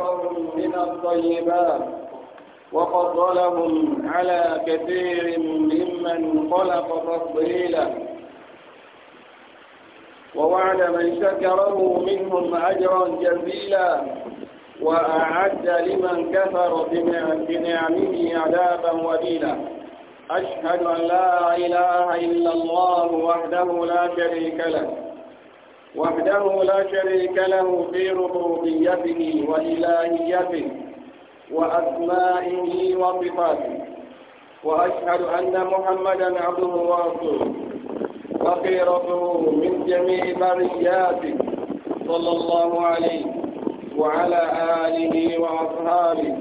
كفروا من الطيبات وفضلهم على كثير ممن خلق تفضيلا ووعد من شكره منهم أجرا جزيلا وأعد لمن كفر بنعمه عذابا وبيلا أشهد أن لا إله إلا الله وحده لا شريك له وحده لا شريك له في ربوبيته وإلهيته وأسمائه وصفاته وأشهد أن محمدا عبده ورسوله وخيرته من جميع برياته صلى الله عليه وعلى آله وأصحابه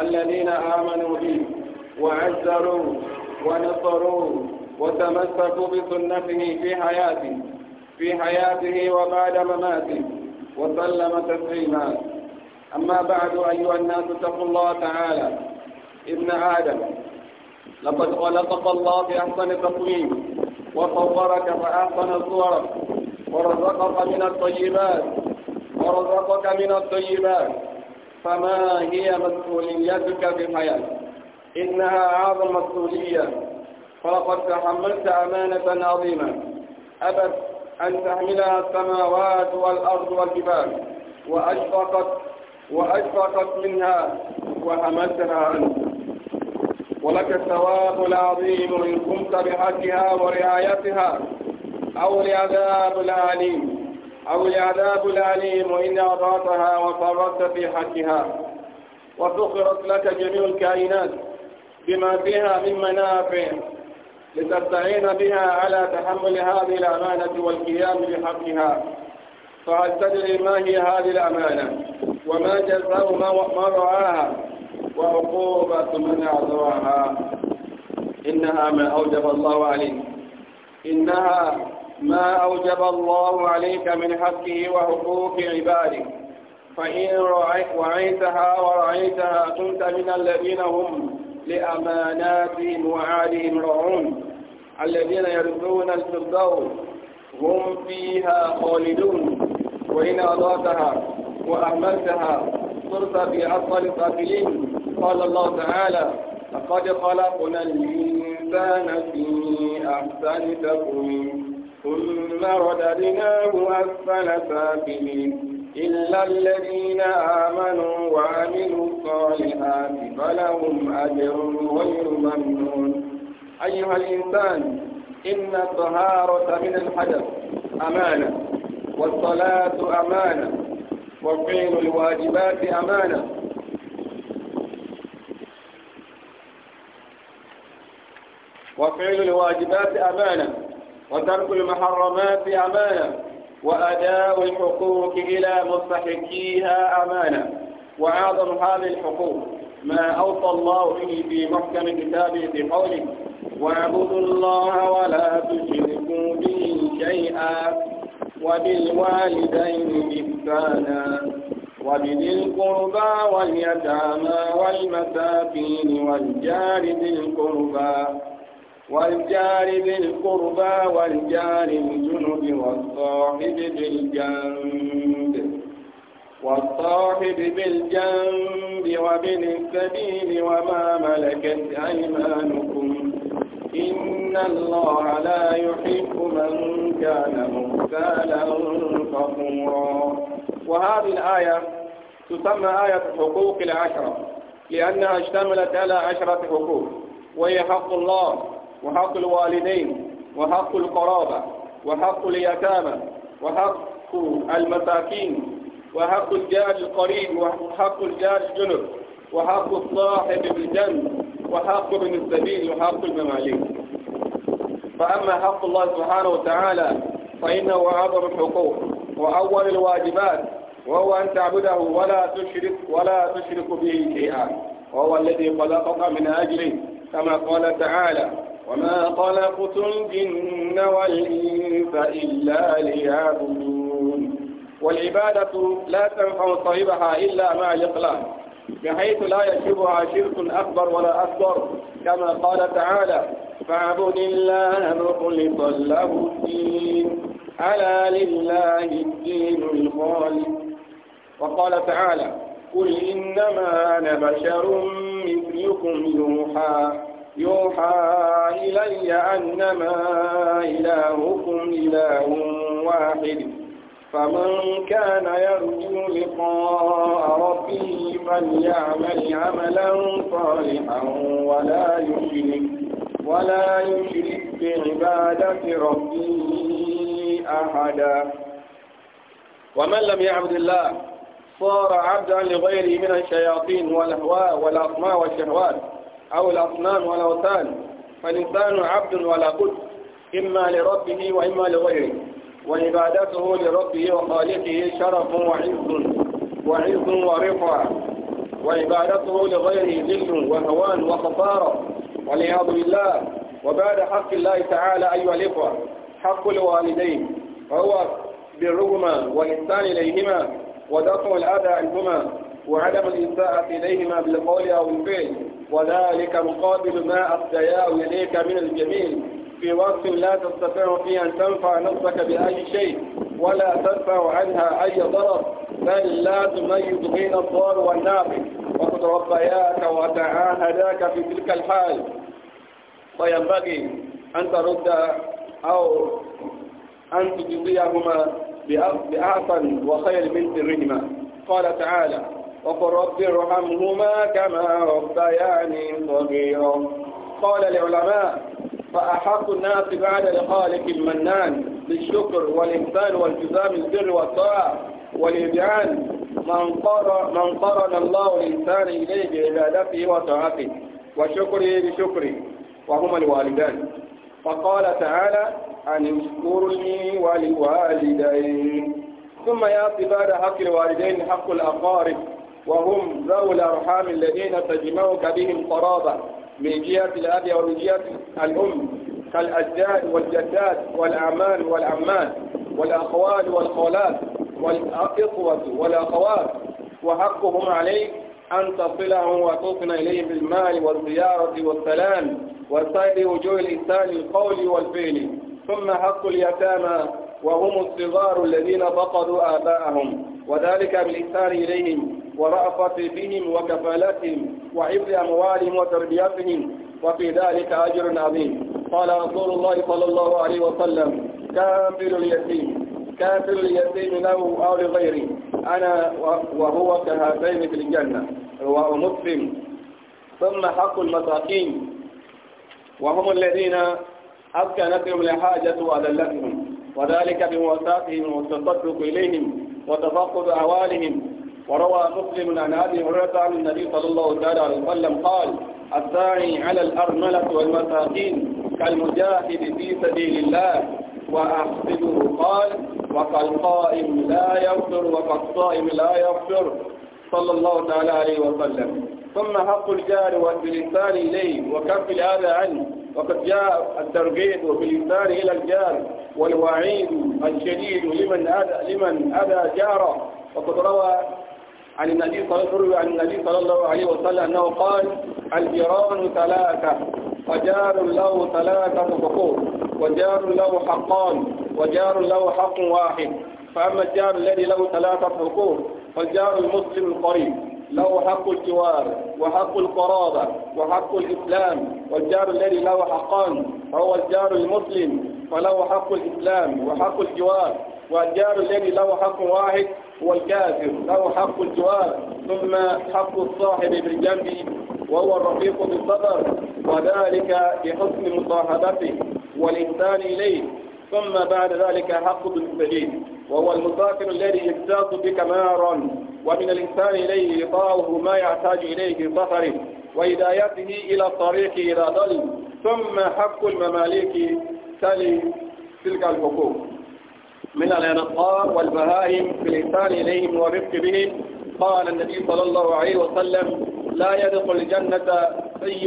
الذين آمنوا به وعزروه ونصروه وتمسكوا بسنته في حياته في حياته وبعد مماته وسلم تسليما أما بعد أيها الناس اتقوا الله تعالى ابن آدم لقد خلقك الله بأحسن تقويم وصورك فأحسن صورك ورزقك من الطيبات ورزقك من الطيبات فما هي مسؤوليتك في حياتك إنها أعظم مسؤولية فلقد تحملت أمانة عظيمة أبت أن تحملها السماوات والأرض والجبال وأشفقت وأشفقت منها وحملتها أنت ولك الثواب العظيم إن قمت بحقها ورعايتها أو العذاب العليم أو العذاب العليم إن أعطاتها وفرطت في حقها وسخرت لك جميع الكائنات بما فيها من منافع لتستعين بها على تحمل هذه الأمانة والقيام بحقها فهل تدري ما هي هذه الأمانة وما جزاء ما رعاها وعقوبة من أعطاها إنها ما أوجب الله عليك إنها ما أوجب الله عليك من حقه وحقوق عباده فإن رعيتها ورعيتها كنت من الذين هم لأماناتهم وعالهم رعون الذين يرضون الفردوس هم فيها خالدون وإن أضاتها وأهملتها صرت في أفضل قابلين قال الله تعالى لقد خلقنا الإنسان في أحسن تقويم ثم رددناه أسفل سافلين إلا الذين آمنوا وعملوا الصالحات فلهم أجر غير ممنون أيها الإنسان إن الطهارة من الحدث أمانة والصلاة أمانة وفعل الواجبات أمانة وفعل الواجبات أمانة وترك المحرمات أمانة وأداء الحقوق إلى مستحقيها أمانة وعظم هذه الحقوق ما أوصى الله به في محكم كتابه بقوله واعبدوا الله ولا تشركوا به شيئا وبالوالدين إحسانا وبذي القربى واليتامى والمساكين والجار ذي القربى والجار بالقربى والجار الجنب والصاحب بالجنب والصاحب بالجنب وابن السبيل وما ملكت أيمانكم إن الله لا يحب من كان مختالا فخورا وهذه الآية تسمى آية حقوق العشرة لأنها اشتملت على عشرة حقوق وهي حق الله وحق الوالدين وحق القرابة وحق اليتامى وحق المساكين وحق الجار القريب وحق الجار الجنب وحق الصاحب بالجنب وحق ابن السبيل وحق المماليك فأما حق الله سبحانه وتعالى فإنه أعظم الحقوق وأول الواجبات وهو أن تعبده ولا تشرك ولا تشرك به شيئا وهو الذي خلقك من أجله كما قال تعالى وما خلقت الجن والإنس إلا ليعبدون والعبادة لا تنفع صاحبها إلا مع الإقلال بحيث لا يشبهها شرك أكبر ولا أكبر كما قال تعالى فاعبد الله مخلصا له الدين ألا لله الدين الخالص وقال تعالى قل إنما أنا بشر مثلكم يوحى يوحى إلي أنما إلهكم إله واحد فمن كان يرجو لقاء ربه فليعمل عملا صالحا ولا يشرك ولا يشرك بعبادة ربه أحدا ومن لم يعبد الله صار عبدا لغيره من الشياطين والأهواء والأطماع والشهوات أو الأصنام والأوثان فالإنسان عبد ولا بد إما لربه وإما لغيره وعبادته لربه وخالقه شرف وعز وعز ورفعة وعبادته لغيره ذل وهوان وخسارة والعياذ الله وبعد حق الله تعالى أيها الإخوة حق الوالدين هو بالرغم والإحسان إليهما ودفع الأذى عنهما وعدم الإساءة إليهما بالقول أو الفعل وذلك مقابل ما أفدياه إليك من الجميل في وقت لا تستطيع فيه أن تنفع نفسك بأي شيء ولا تدفع عنها أي ضرر بل لا تميز بين الضار والنافع وقد ربياك وتعاهداك في تلك الحال فينبغي أن ترد أو أن تجزيهما بأحسن وخير من سرهما قال تعالى وقل رب ارحمهما كما ربياني صغيرا قال العلماء فأحق الناس بعد الخالق المنان بالشكر والإحسان والتزام البر والطاعة والإبعاد من قرن, من قرن الله الإنسان إليه بعبادته وطاعته وشكره بشكره وهما الوالدان فقال تعالى أن اشكرني لي ولوالدين ثم يأتي بعد حق الوالدين حق الأقارب وهم ذو الأرحام الذين تجمعك بهم قرابة من جهة الأب ومن جهة الأم كالأجداد والجدات والأعمال والعمات والأخوال والخولات والإخوة والأخوات وحقهم عليك أن تصلهم وتصن إليهم بالمال والزيارة والسلام وسائر وجوه الإنسان القول والفعل ثم حق اليتامى وهم الصغار الذين فقدوا آباءهم وذلك بالإحسان إليهم ورأفة بهم وكفالتهم وحفظ أموالهم وتربيتهم وفي ذلك أجر عظيم قال رسول الله صلى الله عليه وسلم كافر اليتيم كافر اليتيم له أو لغيره أنا وهو كهاتين في الجنة رواه مسلم ثم حق المساكين وهم الذين أسكنتهم لحاجة وأذلتهم وذلك بمواساتهم والتصدق إليهم وتفقد أعوالهم وروى مسلم عن أبي هريرة عن النبي صلى الله عليه وسلم قال الثاني على الأرملة والمساكين كالمجاهد في سبيل الله وأحسده قال وكالقائم لا يغفر وكالصائم لا يغفر صلى الله تعالى عليه وسلم ثم حق الجار والبلسان إليه وكف الأذى عنه وقد جاء الترغيب بالإنسان إلى الجار والوعيد الشديد لمن أذى لمن أذى جاره وقد روى عن النبي صلى الله عن النبي صلى الله عليه وسلم أنه قال الجيران ثلاثة وجار له ثلاثة حقوق وجار له حقان وجار له حق واحد فأما الجار الذي له ثلاثة حقوق فالجار المسلم القريب له حق الجوار وحق القرابة وحق الإسلام والجار الذي له حقان فهو الجار المسلم فله حق الإسلام وحق الجوار والجار الذي له حق واحد هو الكافر له حق الجوار ثم حق الصاحب بالجنب وهو الرفيق بالصبر وذلك بحسن مصاحبته والإحسان إليه ثم بعد ذلك حق المستجيب وهو المسافر الذي يجتاز بك مارا ومن الإنسان إليه إعطاؤه ما يحتاج إليه في سفره وهدايته إلى الطريق إذا ضل ثم حق المماليك الثاني تلك الحقوق من الأنصار والبهائم في الإنسان إليهم والرفق بهم قال النبي صلى الله عليه وسلم لا يدخل الجنة سي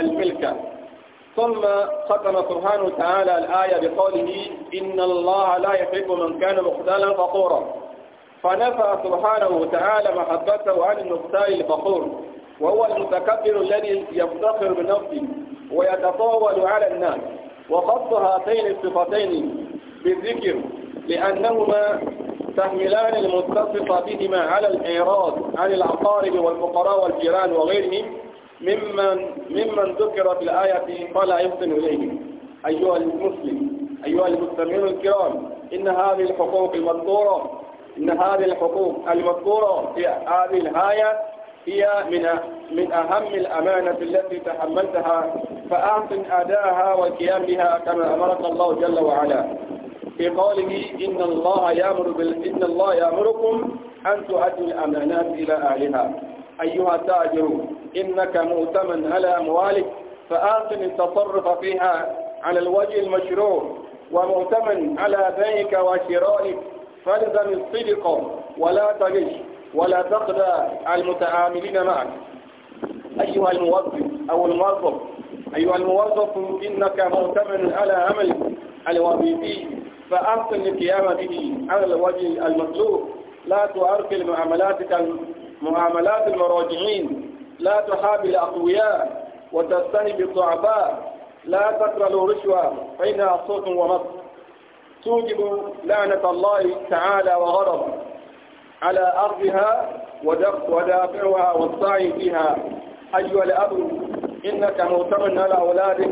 الملكة ثم ختم سبحانه وتعالى الآية بقوله إن الله لا يحب من كان مختالا فخورا فنفى سبحانه وتعالى محبته عن المختال الفخور وهو المتكبر الذي يفتخر بنفسه ويتطاول على الناس وخص هاتين الصفتين بالذكر لأنهما تحملان المتصف بهما على الإيراد عن العقارب والفقراء والجيران وغيرهم ممن, ممن ذكر في الآية فلا يحسن إليهم أيها المسلم أيها المستمعون الكرام إن هذه الحقوق المذكورة إن هذه الحقوق المذكورة في هذه الآية هي من من أهم الأمانة التي تحملتها فأحسن أداها والقيام بها كما أمرك الله جل وعلا في قوله إن الله يأمر بال... إن الله يأمركم أن تؤدوا الأمانات إلى أهلها أيها التاجر إنك مؤتمن على أموالك فأحسن التصرف فيها على الوجه المشروع ومؤتمن على بيعك وشرائك فالزم الصدق ولا تغش ولا تقلى المتعاملين معك أيها الموظف أو الموظف أيها الموظف إنك مؤتمن على عمل الوظيفي فأحسن القيام به على الوجه المطلوب لا تؤركل معاملاتك معاملات المراجعين لا تحابي الأقوياء وتستهب الضعفاء لا تقبل رشوة فإنها صوت ومصر توجب لعنة الله تعالى وغضبه على أرضها ودافعها والسعي فيها أيها الأب إنك مؤتمن على أولادك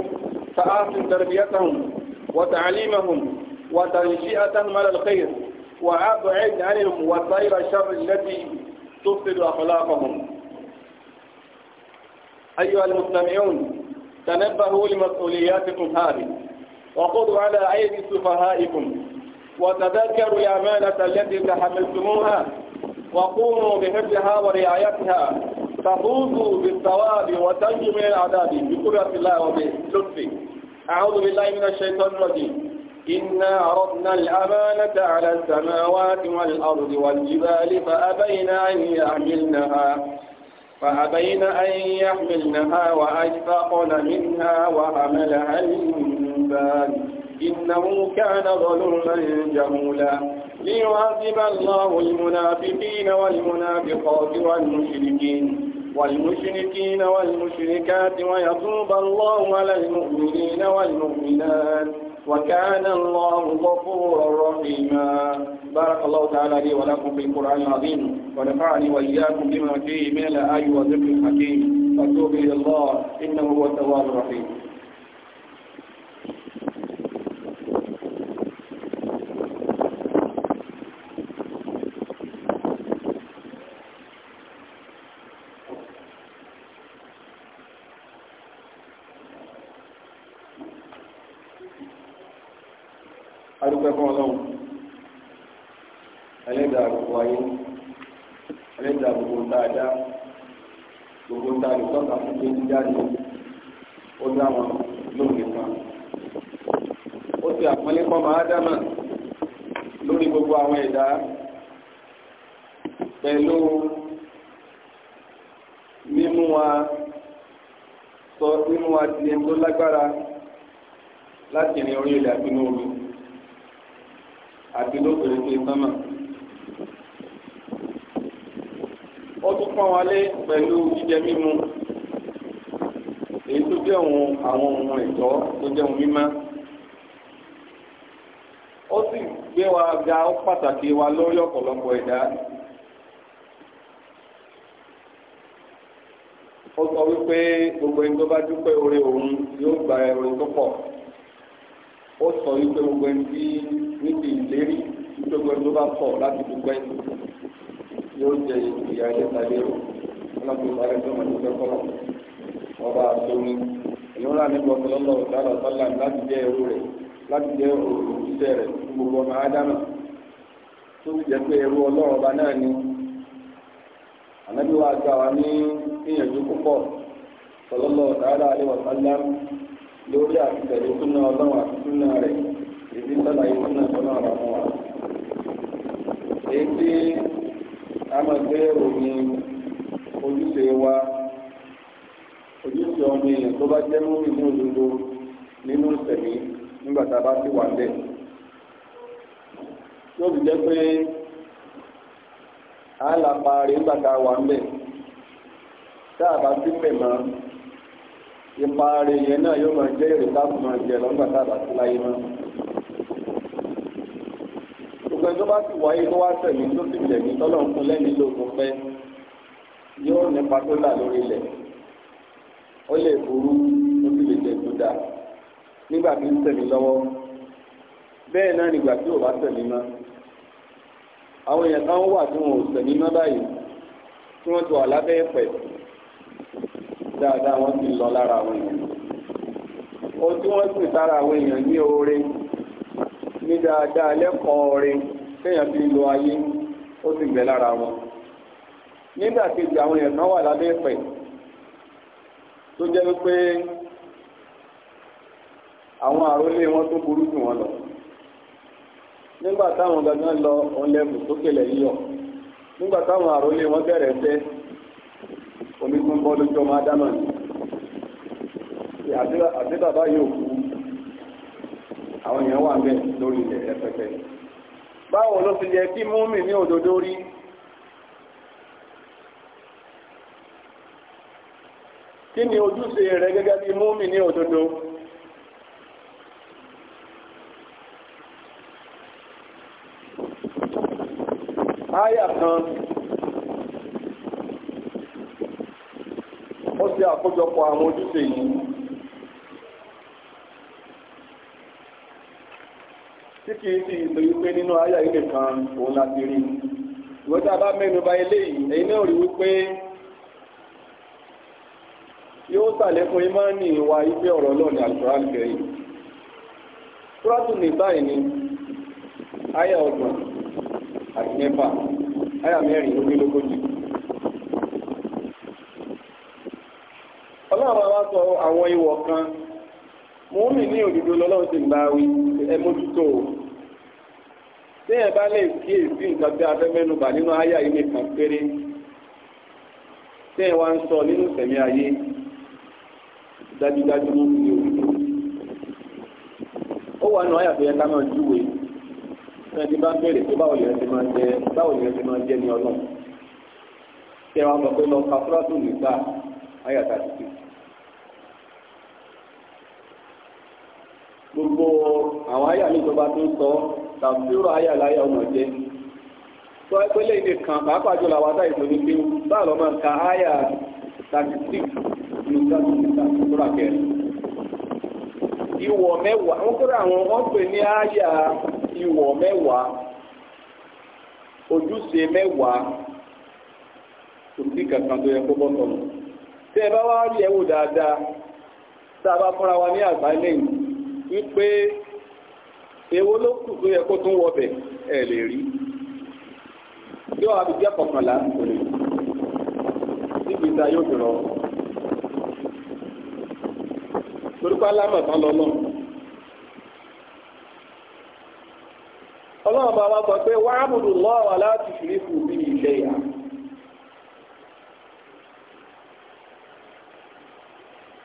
فآتم تربيتهم وتعليمهم وتنشئة على الخير وأبعد عنهم وسائر الشر التي تفسد أخلاقهم أيها المستمعون تنبهوا لمسؤولياتكم هذه وخذوا على أيدي سفهائكم وتذكروا الأمانة التي تحملتموها وقوموا بحفظها ورعايتها تفوزوا بالثواب وتنجوا من العذاب بقدرة الله وبلطفه أعوذ بالله من الشيطان الرجيم إنا عرضنا الأمانة على السماوات والأرض والجبال فأبينا أن يحملنها فأبين أن يحملنها وأشفقن منها وحملها الإنسان إنه كان ظلما جهولا ليعذب الله المنافقين والمنافقات والمشركين والمشركين والمشركات ويتوب الله على المؤمنين والمؤمنات وكان الله غفورا رحيما بارك الله تعالى لي ولكم في القرآن العظيم ونفعني وإياكم بما فيه من الآي والذكر الحكيم واتوب إلى الله إنه هو التواب الرحيم ta lè tọ́ka sí pé ń jáde ó dá wọn lóòrè kan ó ti àpọ́nlé pọ́ máa dámà lórí gbogbo àwọn ẹ̀dá pẹ̀lú mímú wa sọ mímú wa di ẹni tó lágbára láti rìn orí ilẹ̀ àti omi àti lókèrè tó sánmà. pọ́n wọn lé pẹ̀lú jíjẹ mímu èyí tó jẹ́ òun àwọn ohun ẹ̀tọ́ tó jẹ́ òun mímá ó sì gbé wa ga ó pàtàkì wa lórí ọ̀pọ̀lọpọ̀ ẹ̀dá ó sọ wípé gbogbo ẹni tó bá dúpẹ́ oore òun yóò gba ẹ̀rọ tó pọ̀ ó sọ wípé gbogbo ẹni tí ní ti ìlérí gbogbo ẹni tó bá pọ̀ láti dúpẹ́ yóò jẹ ìyá ilé tàbí ẹ̀rọ ọlọ́pàá ìbára ẹgbẹ́ wọn ló kọ́lọ̀ ọba àtọ́ni ìlúra nípa ọ̀pọ̀lọpọ̀ ọ̀dáàlọ̀ sálà láti jẹ́ ẹrú rẹ̀ láti jẹ́ òṣìṣẹ́ rẹ̀ gbogbo ọmọ ádámà tó ti jẹ́ pé ẹrú ọlọ́run ọba náà ni ànábì wa gba wa ní ìyànjú púpọ̀ ọ̀pọ̀lọpọ̀ ọ̀dáàlọ̀ àlẹ́ wọ̀sálà lórí àtìtẹ̀lé súnà ọlọ́run àti rẹ̀ ìdí sálà yìí súnà ọlọ́run àwọn wa ká máa gbé ìròyìn ojúṣe wa ojúṣe ọmọ èèyàn tó bá jẹ́ lórí ní òdodo nínú ìsẹ̀mí nígbà tá a bá sì wà ń bẹ̀. yóò fi jẹ́ pé a là pa rè nígbà tá a wà ń bẹ̀ tá a bá sí pẹ̀ mọ́ ipa rè yẹn náà yóò máa jẹ́ èrè a fún máa jẹ lọ́gbà tá a bá sí láyé mọ́ gbogbo ẹjọ́ bá sì wáyé tó wá tẹ̀lé tó sì tẹ̀lé tọ́lọ̀ ń fún lẹ́ni lóògùn fẹ́ yóò nípa tó là lórí ilẹ̀ ó lè burú ó sì lè jẹ tó dáa nígbà tí ń tẹ̀lé lọ́wọ́ bẹ́ẹ̀ náà nígbà tí ò bá tẹ̀lé mọ́ àwọn èèyàn kan wà tí wọn ò tẹ̀lé mọ́ báyìí tí wọ́n ti wà lábẹ́ ẹ̀pẹ̀ dáadáa wọ́n ti lọ lára àwọn èèyàn ohun tí wọ́n sì sára àwọn èèyàn ní oore ní dáadáa lẹ́kọ̀ọ́ oore. kéèyàn fi lo ayé ó sì gbẹ lára wọn nígbà kejì àwọn èèyàn kan wà lábẹ́ ìpẹ́ tó jẹ́ wípé àwọn àrólé wọn tó burú jù wọn lọ nígbà táwọn lọ òun lẹ́bù sókè lẹ́yìn yọ nígbà táwọn àrólé wọn bẹ̀rẹ̀ jẹ́ omi tún bọ́ lójú ọmọ ádámà ni àti bàbá yóò kú àwọn èèyàn wà ń bẹ̀ lórí ilẹ̀ báwo ló fi yẹ kí múmi ní òdodo rí kí ni ojúṣe rẹ gẹ́gẹ́ bí múmi ní òdodo áyà kan ó si àkójọpọ̀ àwọn ojúṣe yìí kí ti ìtòyí pé nínú àyà ilé kan òun láti rí ìwọ́n tá a bá mẹ́nu bà eléyìí ẹ̀yin náà rí wípé yóò sàlékún ìmánì ìwà ife ọ̀rọ̀ náà ní Al-Qur'an Karim túrọ́tù ní báyìí ni àyà ọgbọ̀n àti mẹ́fà àyà mẹ́rin ló gbé lógójì. ọlọ́run àwa sọ àwọn ìwọ̀ kan mò ń mì ní òdodo lọ́lọ́run ti gbà wí ẹ mójútó o téèyàn bá lè kíyèsí nǹkan bí afẹ́mẹ́nubà nínú àyà ilé kan péré téèyàn wá ń sọ nínú sẹ̀mí ayé dájúdájú ní ìlú ó wà nù àyà tó yẹ ká máa júwe náà ti bá ń bèrè pé báwo lèèyàn ti máa jẹ báwo lèèyàn ti máa jẹ ní ọlọ́run téèyàn wá mọ̀ pé lọ ka fúrásù nìgbà àyà tàbí gbogbo àwọn àyà mi tó bá sọ ọ́ tàbílù ayé aláyà ọmọ jẹ́ tó ẹgbẹ́lẹ̀ ilé kan pàápàá jọ làwọn àtàyè tó ní pé báà lọ́mọ ka ayà 36 ní sọ́ra kẹrin ìwọ̀ mẹ́wàá wọ́n kúrò àwọn wọ́n pè ní ayà ìwọ̀ mẹ́wàá ojúṣe mẹ́wàá kò sí kankan tó yẹ kó bọ́ sọ̀rọ̀ tẹ́ ẹ a bá fúnra wa ní wípé Ewo ló kù tó yẹ kó tún wọbẹ̀ ẹ̀ lè rí kọkànlá kò lè níbi ìta yóò torípa alámọ̀ tán lọ náà ọlọ́run sọ pé wàá bùdù láti fi rí ilé yà.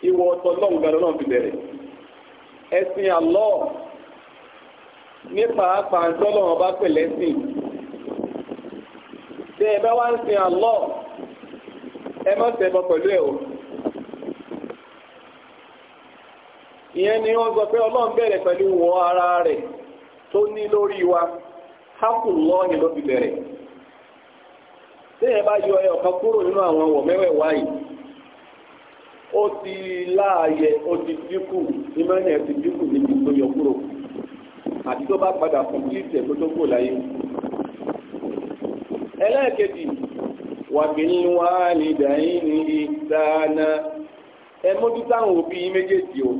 ìwọ ọtọ náà fi nípa pàápàá ọba wọn bá pẹ̀lẹ́ sí i tí ẹ bá wá ń sin àlọ́ ẹ pẹ̀lú ẹ̀ o ìyẹn ni wọ́n sọ pé ara rẹ̀ tó ní lórí wa hákù lọ́ọ̀nì ló fi bẹ̀rẹ̀ tí ẹ bá yọ ẹ̀ọ̀kan kúrò nínú àwọn ọ̀wọ̀ yìí ó ti láàyè ó ti dínkù ìmọ̀ ẹ̀ ti dínkù àti tó bá padà kọ̀m̀pìlìtì ẹ̀kọ́ tó kò láyé ẹlẹ́ẹ̀kejì wà bí ń wá ní ìdáyín ní ìdáná ẹ mójú táwọn òbí méjèèjì o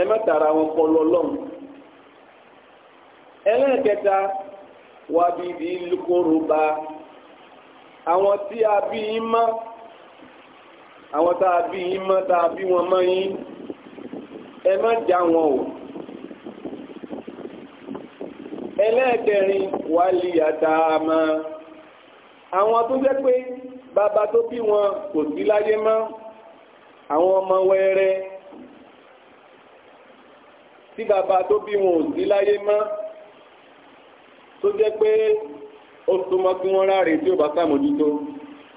ẹ má tara wọn kọ lọ́lọ́run ẹlẹ́ẹ̀kẹta wà bí ibi lukoro ba àwọn tí a bí yín mọ́ àwọn tá a bí yín mọ́ tá a bí wọn mọ́ yín ẹ má já wọn o. ẹlẹ́ẹ̀kẹrin wálé àtàmà àwọn tó jẹ́ pé bàbá tó bí wọn kò sí láyé mọ́ àwọn ọmọ wẹrẹ tí bàbá tó bí wọn ò sí láyé mọ́ tó jẹ́ pé ó súnmọ́ kí wọ́n ráre tí ó bá sàmójútó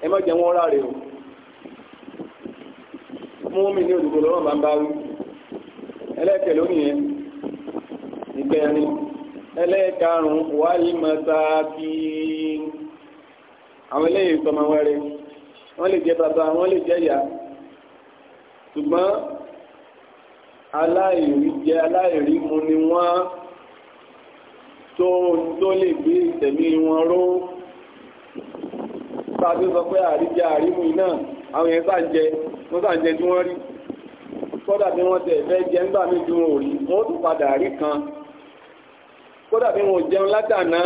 ẹ má wọ́n ráre o mú mi ní òdòdó lọ́rọ̀ bá ń bá wí ẹlẹ́ẹ̀kẹ̀ lónìí yẹn ìgbẹ́rin ẹlẹ́ẹ̀karùn-ún wáyé mọ́sáàkì àwọn eléyìí sọmọ wẹ́rẹ́ wọ́n lè jẹ́ bàbá wọ́n lè jẹ́ ìyá ṣùgbọ́n aláìrí jẹ́ aláìrí mu ni wọ́n tó tó lè gbé ìtẹ̀mí wọn ró tàbí sọ pé àríjẹ àrímú iná àwọn yẹn sàjẹ wọ́n sàjẹ tí wọ́n rí kọ́dà tí wọ́n tẹ̀ fẹ́ jẹ́ ńgbà méjì wọn ò rí wọ́n tún padà rí kan kódà bí wọn jẹun látàná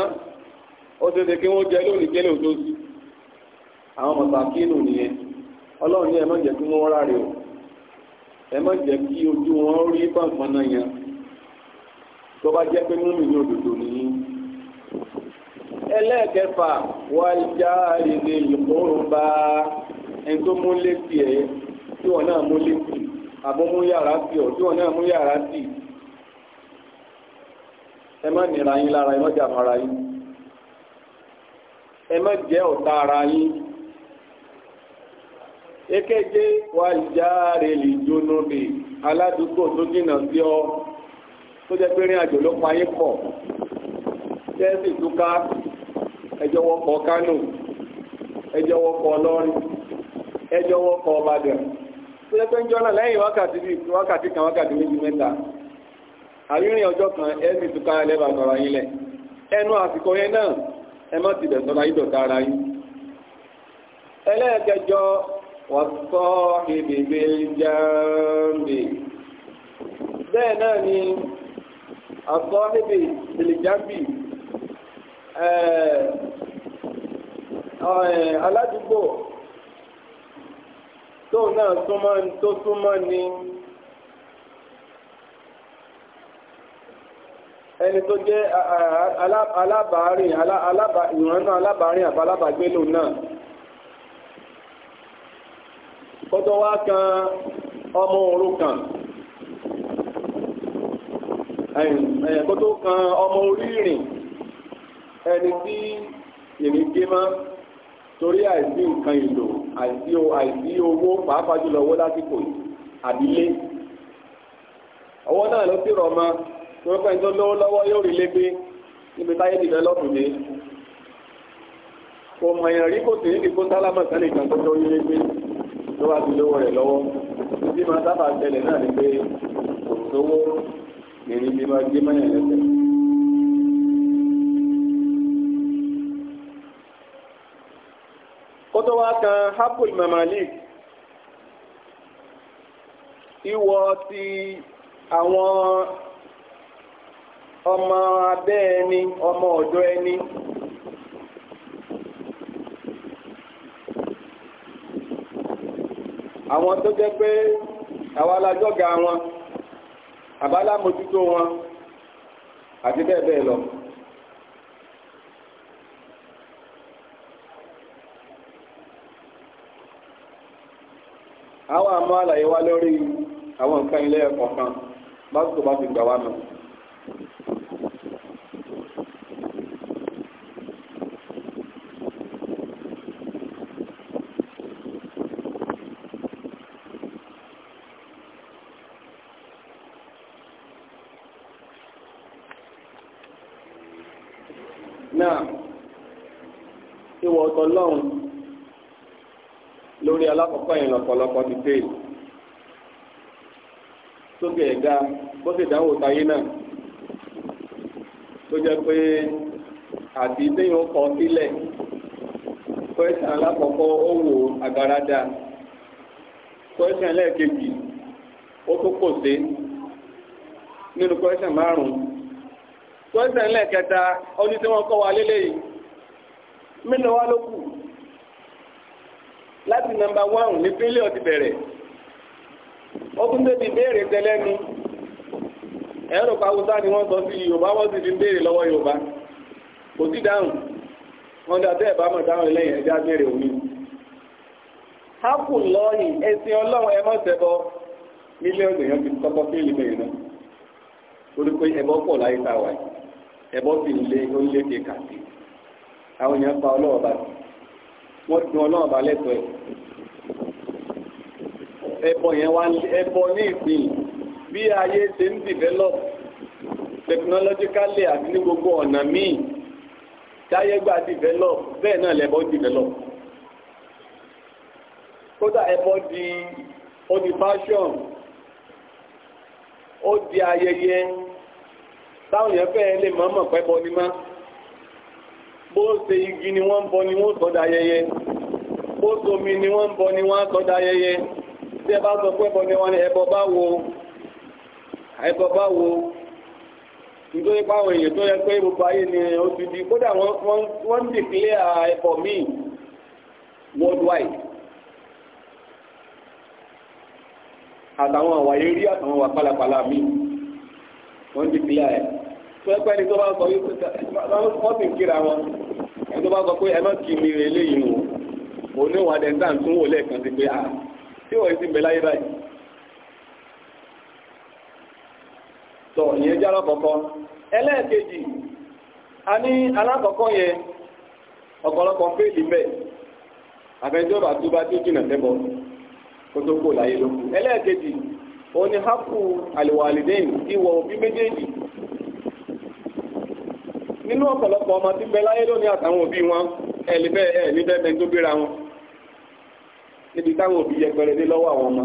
ó ṣe ṣe kí wọn jẹ lónìí kélé òjòsì àwọn mọ̀tàkínù nìyẹn ọlọ́run ní ẹ má jẹ́ kí wọ́n ráre o ẹ má jẹ́ kí ojú wọn rí pàǹpọ̀nà yẹn tó bá jẹ́ pé múmi ní òdòdó nìyí. ẹlẹ́ẹ̀kẹfà wájà ìdè ìmọ̀ọ́rùnba ẹni tó mú létí ẹ̀ tí wọ́n náà mú létí àbọ̀mú yàrá sí ọ̀ tí wọ́n náà mú yàrá sí ẹ má nira yín lára ẹ má mara yín ẹ má jẹ́ ọ̀tá ara yín járe lè jóná bè aládùúgbò tó jìnnà sí ọ tó jẹ́ pé rìn àjò ló pa yín pọ̀ tẹ́sì túká ẹjọ́ wọkọ̀ Kánò ẹjọ́ ẹjọ́ Ọbàdàn tó pé ń jọ́nà lẹ́yìn àrírin ọjọ́ kan ẹ̀sì túká ẹlẹ́bà sọ̀rọ̀ yín lẹ̀ ẹnu àsìkò yẹn náà ẹ má ti bẹ̀ sọ̀rọ̀ yín dọ̀tá ara yín ẹlẹ́ẹ̀kẹjọ wàsọ ìbèbè jáàmbì bẹ́ẹ̀ náà ni àsọ ìbè ìbèlè jáàmbì aládùúgbò tó náà súnmọ́ ni. ẹni tó jẹ́ alábàárìn ìran náà alábàárìn àbálábàgbélò náà kótó wá kan ọmọ òrukàn kótó kan ọmọ orí ìrìn ẹni tí ìrìn gé mọ́ torí àìsí nǹkan ìlò àìsí owó pàápàá jùlọ owó lásìkò àbílé ọwọ́ náà ló sì rọ̀ mọ́ tó rọ́pẹ́ tó lówó lọ́wọ́ yóò rí légbé níbi táyé dìvẹ́lọ́pù dé kò mọ̀ èèyàn rí kò sí níbi kó sálámà sẹ́lẹ̀ ìtàn tó lórí légbé tó wá sí lówó rẹ̀ lọ́wọ́ bí máa sábà tẹ̀lẹ̀ náà ni pé kò sówó ìrì bí máa gbé mọ́yàn lẹ́sẹ̀. kó tó wá kan hapul mamalik ìwọ ti àwọn ọmọ abẹ́ ẹni ọmọ ọ̀dọ́ ẹni àwọn tó jẹ́ pé àwọn alájọ́gà wọn àbálámójútó wọn àti bẹ́ẹ̀ bẹ́ẹ̀ lọ. àwọn àmọ́ àlàyé wa lórí àwọn nǹkan ilé ẹ̀kọ́ kan bá tó bá ti gbà wá náà. náà ìwọ̀ ọ̀tọ̀ lọ́hùn lórí alákọ̀ọ́kọ́ yẹn lọ́pọ̀lọpọ̀ ti dé sókè ẹ̀ga bó sì dáwọ́ táyé náà tó jẹ́ pé àti téèyàn kọ sílẹ̀ kwẹ́sàn alákọ̀ọ́kọ́ ó wò agbára dáa kwẹ́sàn lẹ́ẹ̀kejì ó tó kò sí nínú kwẹ́sàn márùn-ún kwẹ́sàn lẹ́ẹ̀kẹta ó ní tí wọ́n kọ́ wa lélẹ̀ yìí mélòó wá ló kù láti nàmbà wáhùn ní pínlẹ̀ ọ̀tí bẹ̀rẹ̀ ó tún débi béèrè tẹ́lẹ́nu ẹ̀rọ pàwùsá ni wọ́n sọ sí yorùbá wọ́n sì fi ń lọ́wọ́ yorùbá kò sí dáhùn wọ́n dá tẹ́ ẹ̀bá lẹ́yìn òní hákù lọ́yìn ẹ̀sìn ọlọ́run ti kọ́kọ́ sí ìlú mẹ́rin náà torí pé ẹbọ pọ̀ láyé tá a wà yìí ẹbọ sì ń lé bí ayé ṣe ń develop technologically àti ní gbogbo ọ̀nà míì táyé gbà develop bẹ́ẹ̀ náà lẹ́bọ̀ develop kódà ẹbọ di ó di fashion ó di ayẹyẹ táwọn yẹn fẹ́ lè mọ̀ọ́mọ̀ pẹ́bọ ni má bó ṣe igi ni wọ́n ń bọ ni wọ́n sọ́dọ̀ ayẹyẹ bó ṣomi ni wọ́n ń bọ ni wọ́n sọ́dọ̀ ayẹyẹ tí ẹ bá sọ pẹ́bọ ni wọ́n ní ẹbọ báwo àìkọ́ bá wo nítorí páwọn èèyàn tó yẹ pé gbogbo ayé ni ó ti di kódà wọ́n ń dìklẹ́ ẹ̀kọ́ míì worldwide àtàwọn àwàyé rí àtàwọn àwà pálapàla míì wọ́n ń dìklẹ́ ẹ̀ tó ẹgbẹ́ ni tó bá sọ wípé wọ́n sì ń kíra wọn ẹni tó bá sọ pé ẹ má kí mi rè léyìn o oníwàdẹ̀ntà tún wò lẹ́ẹ̀kan sí pé ah tí wọ́n ti bẹ̀ láyé báyìí sọ ìyẹn jẹ́ alákọ̀ọ́kọ́ ẹlẹ́ẹ̀kejì a ní alákọ̀ọ́kọ́ yẹn ọ̀pọ̀lọpọ̀ fèèlì bẹ́ẹ̀ àfẹjọba tó bá tó jìnnà tẹ́bọ̀ kó tó kó láyé lókun ẹlẹ́ẹ̀kejì ó ní hápù àlèwàlìdẹ́yìn ìwọ òbí méjèèjì nínú ọ̀pọ̀lọpọ̀ ọmọ tí ń bẹ láyé lónìí àtàwọn òbí wọn ẹ̀lẹ́bẹ̀ẹ́ ẹ̀ níbẹ̀ bẹ́ẹ̀ tó gbéra wọn níbi táwọn òbí yẹpẹrẹ dé lọ́wọ́ àwọn ọmọ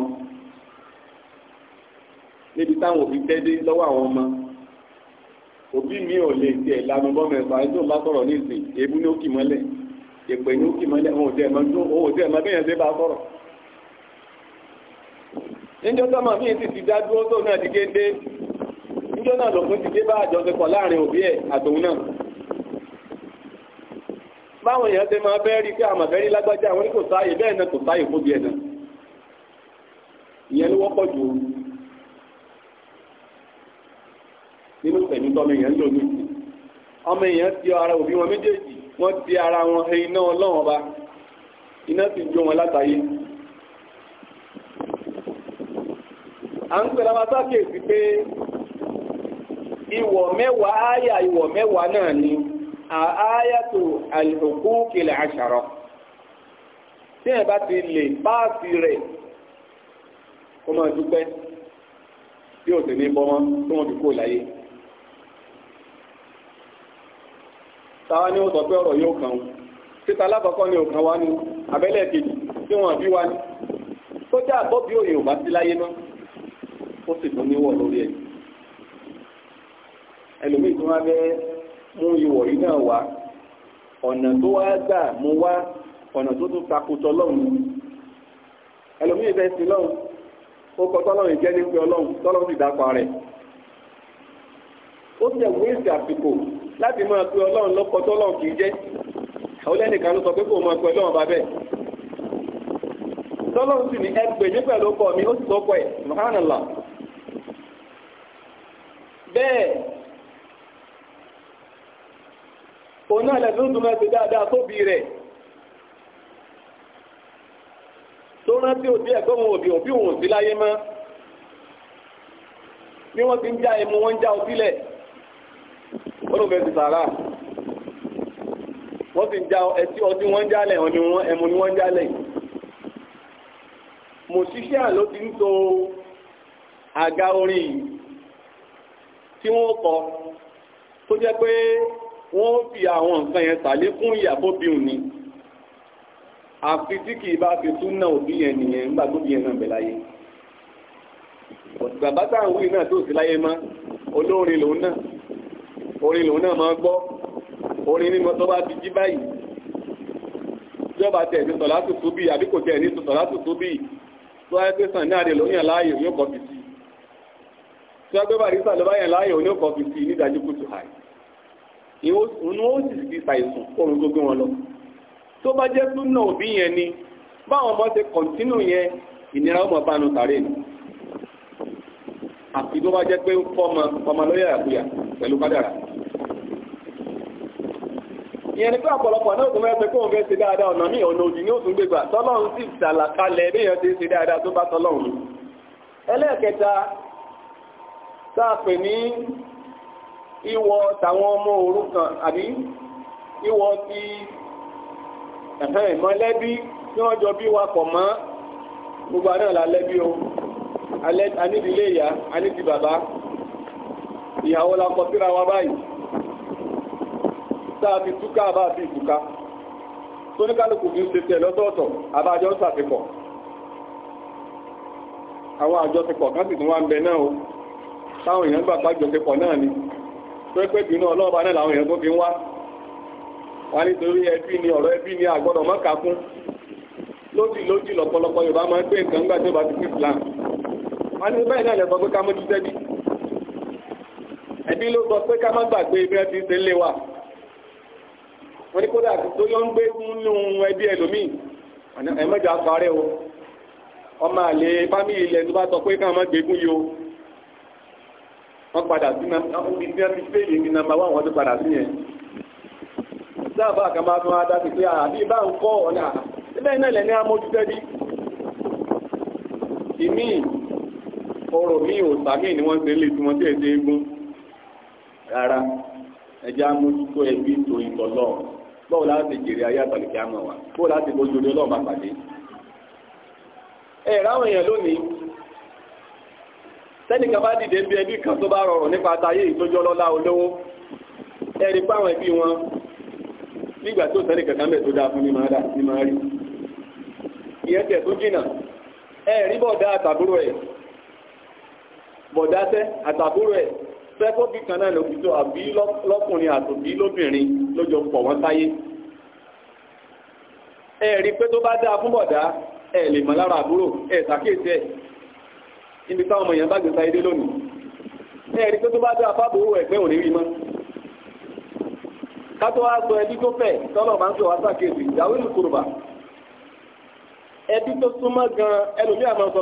níbi táwọn òbí tẹ́ dé lọ́wọ́ àwọn ọmọ òbí mi ò lè tiẹ̀ lanu bọ́mọ ẹ̀fà ẹni tó bá sọ̀rọ̀ ní ìsìn èébú ni ó kì mọ́lẹ̀ èpè ni ó kì mọ́lẹ̀ òun ò tẹ̀ mọ́ òun ò tẹ̀ mọ́ bẹ́yẹn ṣe bá sọ̀rọ̀. níjọ́ sọ́mọ mi ti ti dá dúró tó náà ti géńdé níjọ́ náà lòfin ti dé bá àjọṣepọ̀ láàrin òbí ẹ̀ àtòun náà. báwọn èèyàn ṣe máa bẹ́ẹ̀ rí pé àmọ̀ bẹ́ẹ̀ rí lágbájá àwọn oníkòsáyè bẹ́ẹ̀ náà kòsáyè fóbi ẹ̀ ìyẹn ló wọ́pọ̀ jù tọ́mọ èèyàn lò ní ọmọ èèyàn ti ara òbí wọn méjèèjì wọ́n ti ara wọn he iná ọlọ́run ọba iná sì jó wọn látàyé à ń pẹ̀lú àwọn sákèsí pé ìwọ̀ mẹ́wàá áyà ìwọ̀ mẹ́wàá náà ni àáyàtò àlùkù kìlẹ̀ àṣàrọ̀ tí ẹ̀ bá ti lè páàsì rẹ̀ kó máa tí ò sì ní bọ́mọ́ tí wọ́n fi kó láyé táwa ní òtọ̀ pé ọ̀rọ̀ yóò kàn wọn títa alákọ̀ọ́kọ́ ni òkàn wa ni abẹ́lẹ̀ kejì tí wọ́n bí wa ni sójà àbọ̀bí òye ò bá sí láyé náà ó sì tún níwọ̀ lórí ẹ̀ ẹlòmíì tó wá fẹ́ mú ìwọ̀ yìí náà wá ọ̀nà tó wá gbà mú wá ọ̀nà tó tún takùtọ̀ lọ́hùn ẹlòmíì fẹ́ sí lọ́hùn ó kọ́ tọ́lọ́run jẹ́ ní pé ọlọ́hùn tọ́lọ́run sì dápa rẹ̀ ó sì ẹ̀wọ́ èsì àsìkò láti máa pe ọlọ́run lọ́kọ tọ́lọ́run kì í jẹ́ àwọn ẹnìkan ló sọ pé kò máa pe ọlọ́run bá bẹ́ẹ̀ tọ́lọ́run sì ní ẹgbẹ́ ní pẹ̀lú ọkọ mi ó sì sọ́kọ̀ ẹ̀ mahanala bẹ́ẹ̀ òun náà lẹ́nu tó máa ṣe dáadáa tóbi rẹ̀ tó rántí òbí ẹ̀gbọ́n wọn òbí òbí òun sí láyé mọ́ bí wọ́n ti ń já ẹmu wọ́n ń já ọtílẹ̀ olóhùn fẹ́ ti sàárà wọ́n ti já ẹtí ọdún wọ́n jálẹ̀ ọ̀nì wọn ẹmu ni wọ́n jálẹ̀ mòṣíṣíà ló ti ń to àga orin yìí tí wọ́n kọ tó jẹ́ pé wọ́n fi àwọn nǹkan yẹn sàlékún ìyàbó bí òní àfi tí kìí bá fi tún náà òbí yẹn nìyẹn nígbà tó bí yẹn náà bẹ̀ láyé bàbá táwọn wí náà tó sí láyé mọ́ olórin lòun náà orin lòun náà máa gbọ́ orin nínú tó bá ti jí báyìí tí ó bá tẹ̀ ní sọ̀lá tuntun bíi àbí kò tẹ̀ ní sọ̀lá tuntun bíi tó ẹ pé sàn náà rè lóyìn láàyò yóò kọ́ fi sí tí ọgbẹ́ bá rí sàn ló bá yàn láàyò yóò kọ́ fi sí nídàájú kùtù àì ìhun ó sì fi ṣàìsùn oorun tó bá jẹ́ pé fọmọ ọmọ lọ́yà àbúyà pẹ̀lú kádàrà ìyẹn ni pé ọ̀pọ̀lọpọ̀ náà tó mẹ́sẹ̀ kóhùn fẹ́ ṣe dáadáa ọ̀nà ní ọ̀nà òdì ní òtún gbégbà tọ́lọ́run sì ṣàlàkalẹ̀ bí èèyàn ti ṣe dáadáa tó bá tọ́lọ́run ẹlẹ́ẹ̀kẹta sáàpè ní ìwọ tàwọn ọmọ òrukàn wa pọ̀ mọ́ gbogbo àná lálẹ́bí o anídìílé ìyá anídìí bàbá ìyàwó la síra wa báyìí sáà fi túká àbá àfi ìtúká tóníkálùkù fi ń ṣe tẹ̀ lọ́tọ̀ọ̀tọ̀ àbájọ́ ń ṣàtìpọ̀ àwọn àjọṣepọ̀ kan sì bẹ náà o táwọn èèyàn gbà náà ni tó náà lọ́ọ̀bá náà làwọn èèyàn tó fi ń wá nítorí ẹbí ni ọ̀rọ̀ ẹbí ni mọ́ka fún lójì lójì Yorùbá máa ń pè nǹkan gbà tó bá ti fi plan ní bẹ́ẹ̀ náà lẹ́sọ pé ká mọ́ jíṣẹ́ bí ẹbí ló sọ wọ́n ní kódà tó yọ ń gbé nínú ẹbí ẹlòmíì o ọmọ àlè fámìlì ilẹ̀ tó bá sọ pé káwọn máa gbégún yìí o wọ́n padà sí tí wọ́n ti fèèlì ní nàmbà wọ́n padà sí yẹn dá sí pé àbí bá ń kọ́ ọ̀nà iná ilẹ̀ ní amójútẹ́ bí ìmí ò sàmì ni wọ́n ṣe lè tí wọ́n báwo la ti jèrè ayé àtàlùkẹ́ a wa báwo la ti bójú ní ọlọ́ọ̀bá pàdé. ẹ ráwọn èèyàn lónìí sẹ́nìkan bá dìde bí ẹbí kan tó bá rọrùn nípa àtàyè ìtọ́jú ọlọ́lá olówó ẹ̀rí páwọn ẹbí wọn nígbà tó sẹ́nìkan kan bẹ̀ tó dáa fún ní máa ní máa rí ìyẹn tẹ̀ tó jìnnà ẹ̀rí bọ̀dá àtàbúrò ẹ̀ bọ̀dá sẹ́kọ̀bì kan náà lòbí tó àbí lọ́kùnrin àtòbí lóbìnrin lójó pọ̀ wọ́n táyé pé tó bá dáa fún bọ̀dá lè mọ̀ lára àbúrò ẹ sàkíyèsí níbi táwọn ọmọ èèyàn bá gbèsè lónìí pé tó bá òní rí mọ́ kátó wá sọ ẹbí tó fẹ̀ tọ́lọ̀ máa ń wá sàkíyèsí kùrùbà ẹbí tó súnmọ́ gan sọ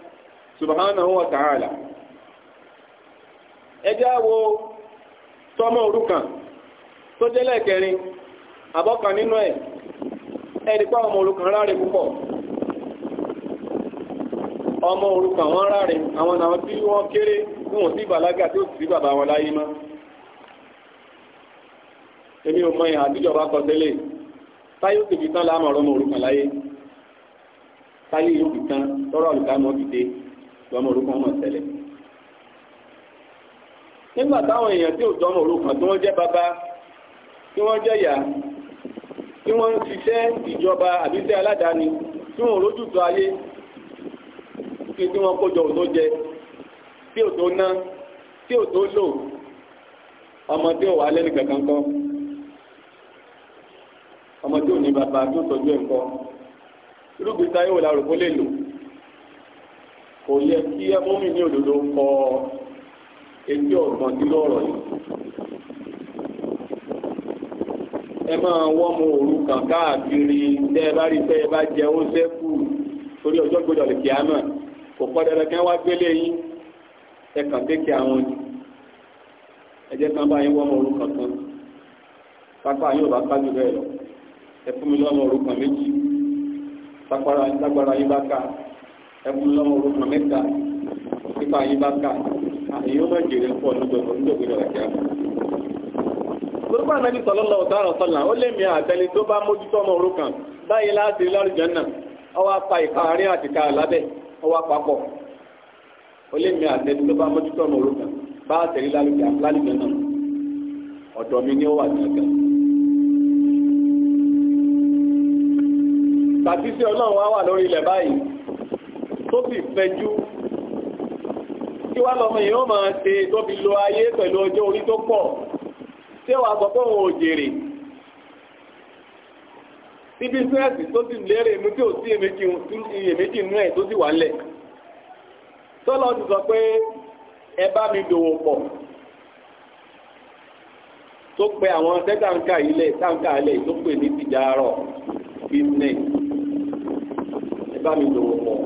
subhanahu wa ta'ala ẹjẹ́ wo tọ́mọ òrukàn tó jẹ́ lẹ́ẹ̀kẹrin àbọ́kan nínú ẹ̀ ẹ̀dípa ọmọ òrukàn ráre púpọ̀ ọmọ òrukàn wọn ráre àwọn àwọn tí wọ́n kéré fún òsì bàlágà tí ó sì bàbá wọn láyé mọ ìhà kọ tẹ́lẹ̀ sì fi tán láàmọ̀ ọmọ láyé yóò fi tán tí ọmọ òrukàn mọ̀ tẹ́lẹ̀ nígbà táwọn èèyàn tí ò tọ́ ọmọ òrukàn tí wọ́n jẹ́ bàbá tí wọ́n jẹ́ ìyá tí wọ́n ń ṣiṣẹ́ ìjọba àbíṣẹ́ aládàáni tí wọ́n rójútó ayé kí tí wọ́n kójọ òtó jẹ tí ò tó ná tí ò tó lò ọmọ tí ò wà lẹ́nu kankan ọmọ tí ò ní bàbá tó tọ́jú ẹ̀ irúgbìn táyé wò la lè lò kò yẹ kí ẹ mú mi ní òdodo kọ etí ọ̀gbọ́n sí lọ́rọ̀ yìí. ẹ máa wọ́n mu òru kàn káàkiri tẹ́ ẹ bá rí tẹ́ ẹ bá jẹ ó sẹ́kù torí ọjọ́ gbọdọ̀ lè kíá mọ̀ kò pọ́ dandan kí wọ́n wá gbélé yín ẹ kàn kéèké àwọn ni ẹ jẹ́ kán bá yín wọ́n mu òru kankan pápá yóò bá kájú bẹ́ẹ̀ lọ ẹ fún mi lọ́mọ òru kan méjì lágbára yín bá ká ẹkú lọ́wọ́ orúkọ mẹ́ta nípa yín bá ká èyí ó máa jèrè pọ̀ nígbàgbọ́ nígbàgbọ́ ìrọ̀lẹ́ gbogbo ànábì sọlọ́lọ́ ọ̀tàrọ̀ sọlá ó lè mi àtẹni tó bá mójútó ọmọ òrukàn báyìí láti lárúgbọ́n náà ọwọ́ apá ìkaarí àti ìkaà lábẹ́ ọwọ́ àpapọ̀ ó lè mi àtẹni tó bá mójútó ọmọ òrukàn bá àtẹ̀rí lárúgbọ́n náà ọ̀dọ̀ tó sì fẹjú kí wá lọ́mọ èèyàn máa ṣe tó fi lo ayé pẹ̀lú ọjọ́ orí tó pọ̀ tí wàá sọ pé òun ò jèrè tí bísíǹsì tó sì lérè mú tí ò sí iyèméjì nú ẹ̀ tó sì wà lẹ̀ tọ́lọ́ ti sọ pé ẹ bá mi dòwò pọ̀ tó pe àwọn tẹ́tàǹkà ilẹ̀ tàǹkà ilẹ̀ tó pè ní tìjàrọ̀ business ẹ bá mi dòwò pọ̀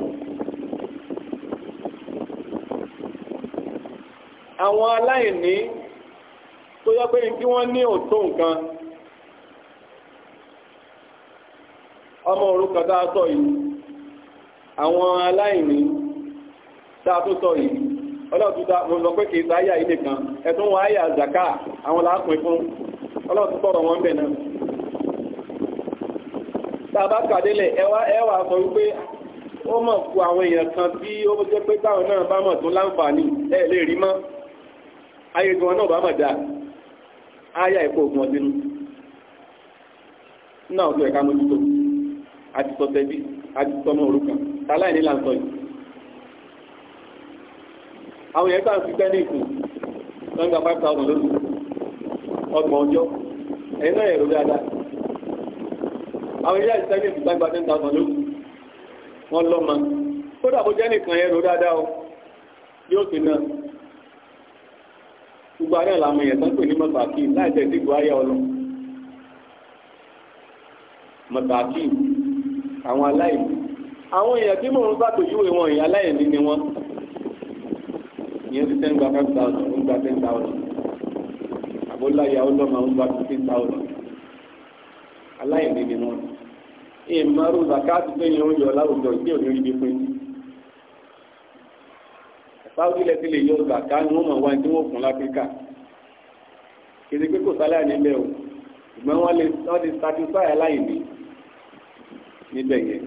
àwọn aláìní tó yẹ pé kí wọ́n ní òtó nǹkan ọmọ òrukàn tá a sọ yìí àwọn aláìní tá a tún sọ yìí ọlọ́ọ̀tútà mo lọ pé kì í sáyà ilé kan ẹ̀tún wọn àyà zaka àwọn làápin fún ọlọ́ọ̀tútọ̀rọ̀ wọn bẹ̀ náà tàbá kàdélẹ̀ ẹwà ẹwà sọ wípé ó mọ̀ fún àwọn èèyàn kan tí ó jẹ́ pé táwọn náà bá mọ̀ tún láǹfààní ẹ̀ lè rí mọ́ ayé gan náà bá mà dáa ayá ẹ̀kọ́ ogun ọdínú náà tó ẹ̀ka mójútó àti sọtẹ́bí àti sọmọ òrukàn tàláì ní làǹtọ́ yìí àwọn yẹn sáà ń fipẹ́ ní ìkùn wọ́n gba five thousand lóṣù ọgbọ̀n ọjọ́ ẹ̀yin náà yẹ̀rọ dáadáa àwọn ilé àti sẹ́yìn ìfìsá gba ten thousand lóṣù wọ́n lọ́ọ́ kódà bó jẹ́ nìkan yẹ̀rọ dáadáa o yóò sì náà gbogbo arẹ́ làwọn èèyàn tó ń pè ní mọ̀tàkì láì tẹ̀ sí buhari ọlọ mọ̀tàkì àwọn aláìní àwọn èèyàn tí mò ń ṣàpèjúwe wọn ìyá aláìní ni wọn ìyẹn ti ten gba five thousand ó ń gba ten thousand àbóláyà ọlọ́mà ó ń gba fifteen thousand aláìní ni wọn ìmọ̀rún zakat tó yẹ oúnjẹ ọ̀làwùjọ ìdí òní orí bí fún yín sáwọ́dí lẹ́sí lè yọ zàká ní wọ́n mọ̀ wá tí wọ́n fún láfíríkà kìí pé kò sálẹ̀ níbẹ̀ o ìgbọ́n wọn lè wọ́n ti satisfy aláìní níbẹ̀ yẹn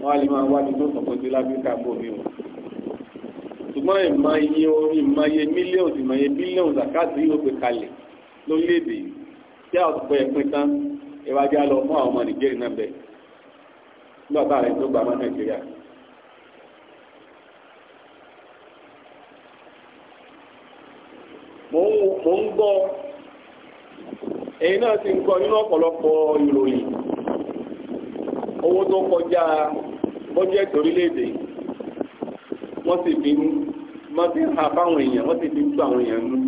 wọ́n á lè máa wá tuntun sọ̀kan sí láfíríkà bómi o ṣùgbọ́n ìmọ̀ iye orí ìmọ̀ iye mílíọ̀nù ìmọ̀ iye bílíọ̀nù zàká sí yóò gbé kalẹ̀ lórílẹ̀‐èdè yìí tí àwọn ọ̀pọ̀ ẹ̀pin tán ìwájú á lọ fún àwọn ọmọ Nàìjíríà náà bẹ̀ nígbà tá tó gbà Nàìjíríà mò ń gbọ́ èyí náà ti ń gbọ́ nínú ọ̀pọ̀lọpọ̀ ìròyìn owó tó kọjá bọ́jẹ́tì orílẹ̀-èdè wọ́n sì fi wọ́n ti ń ha fáwọn èèyàn wọ́n sì fi ń tú àwọn èèyàn nú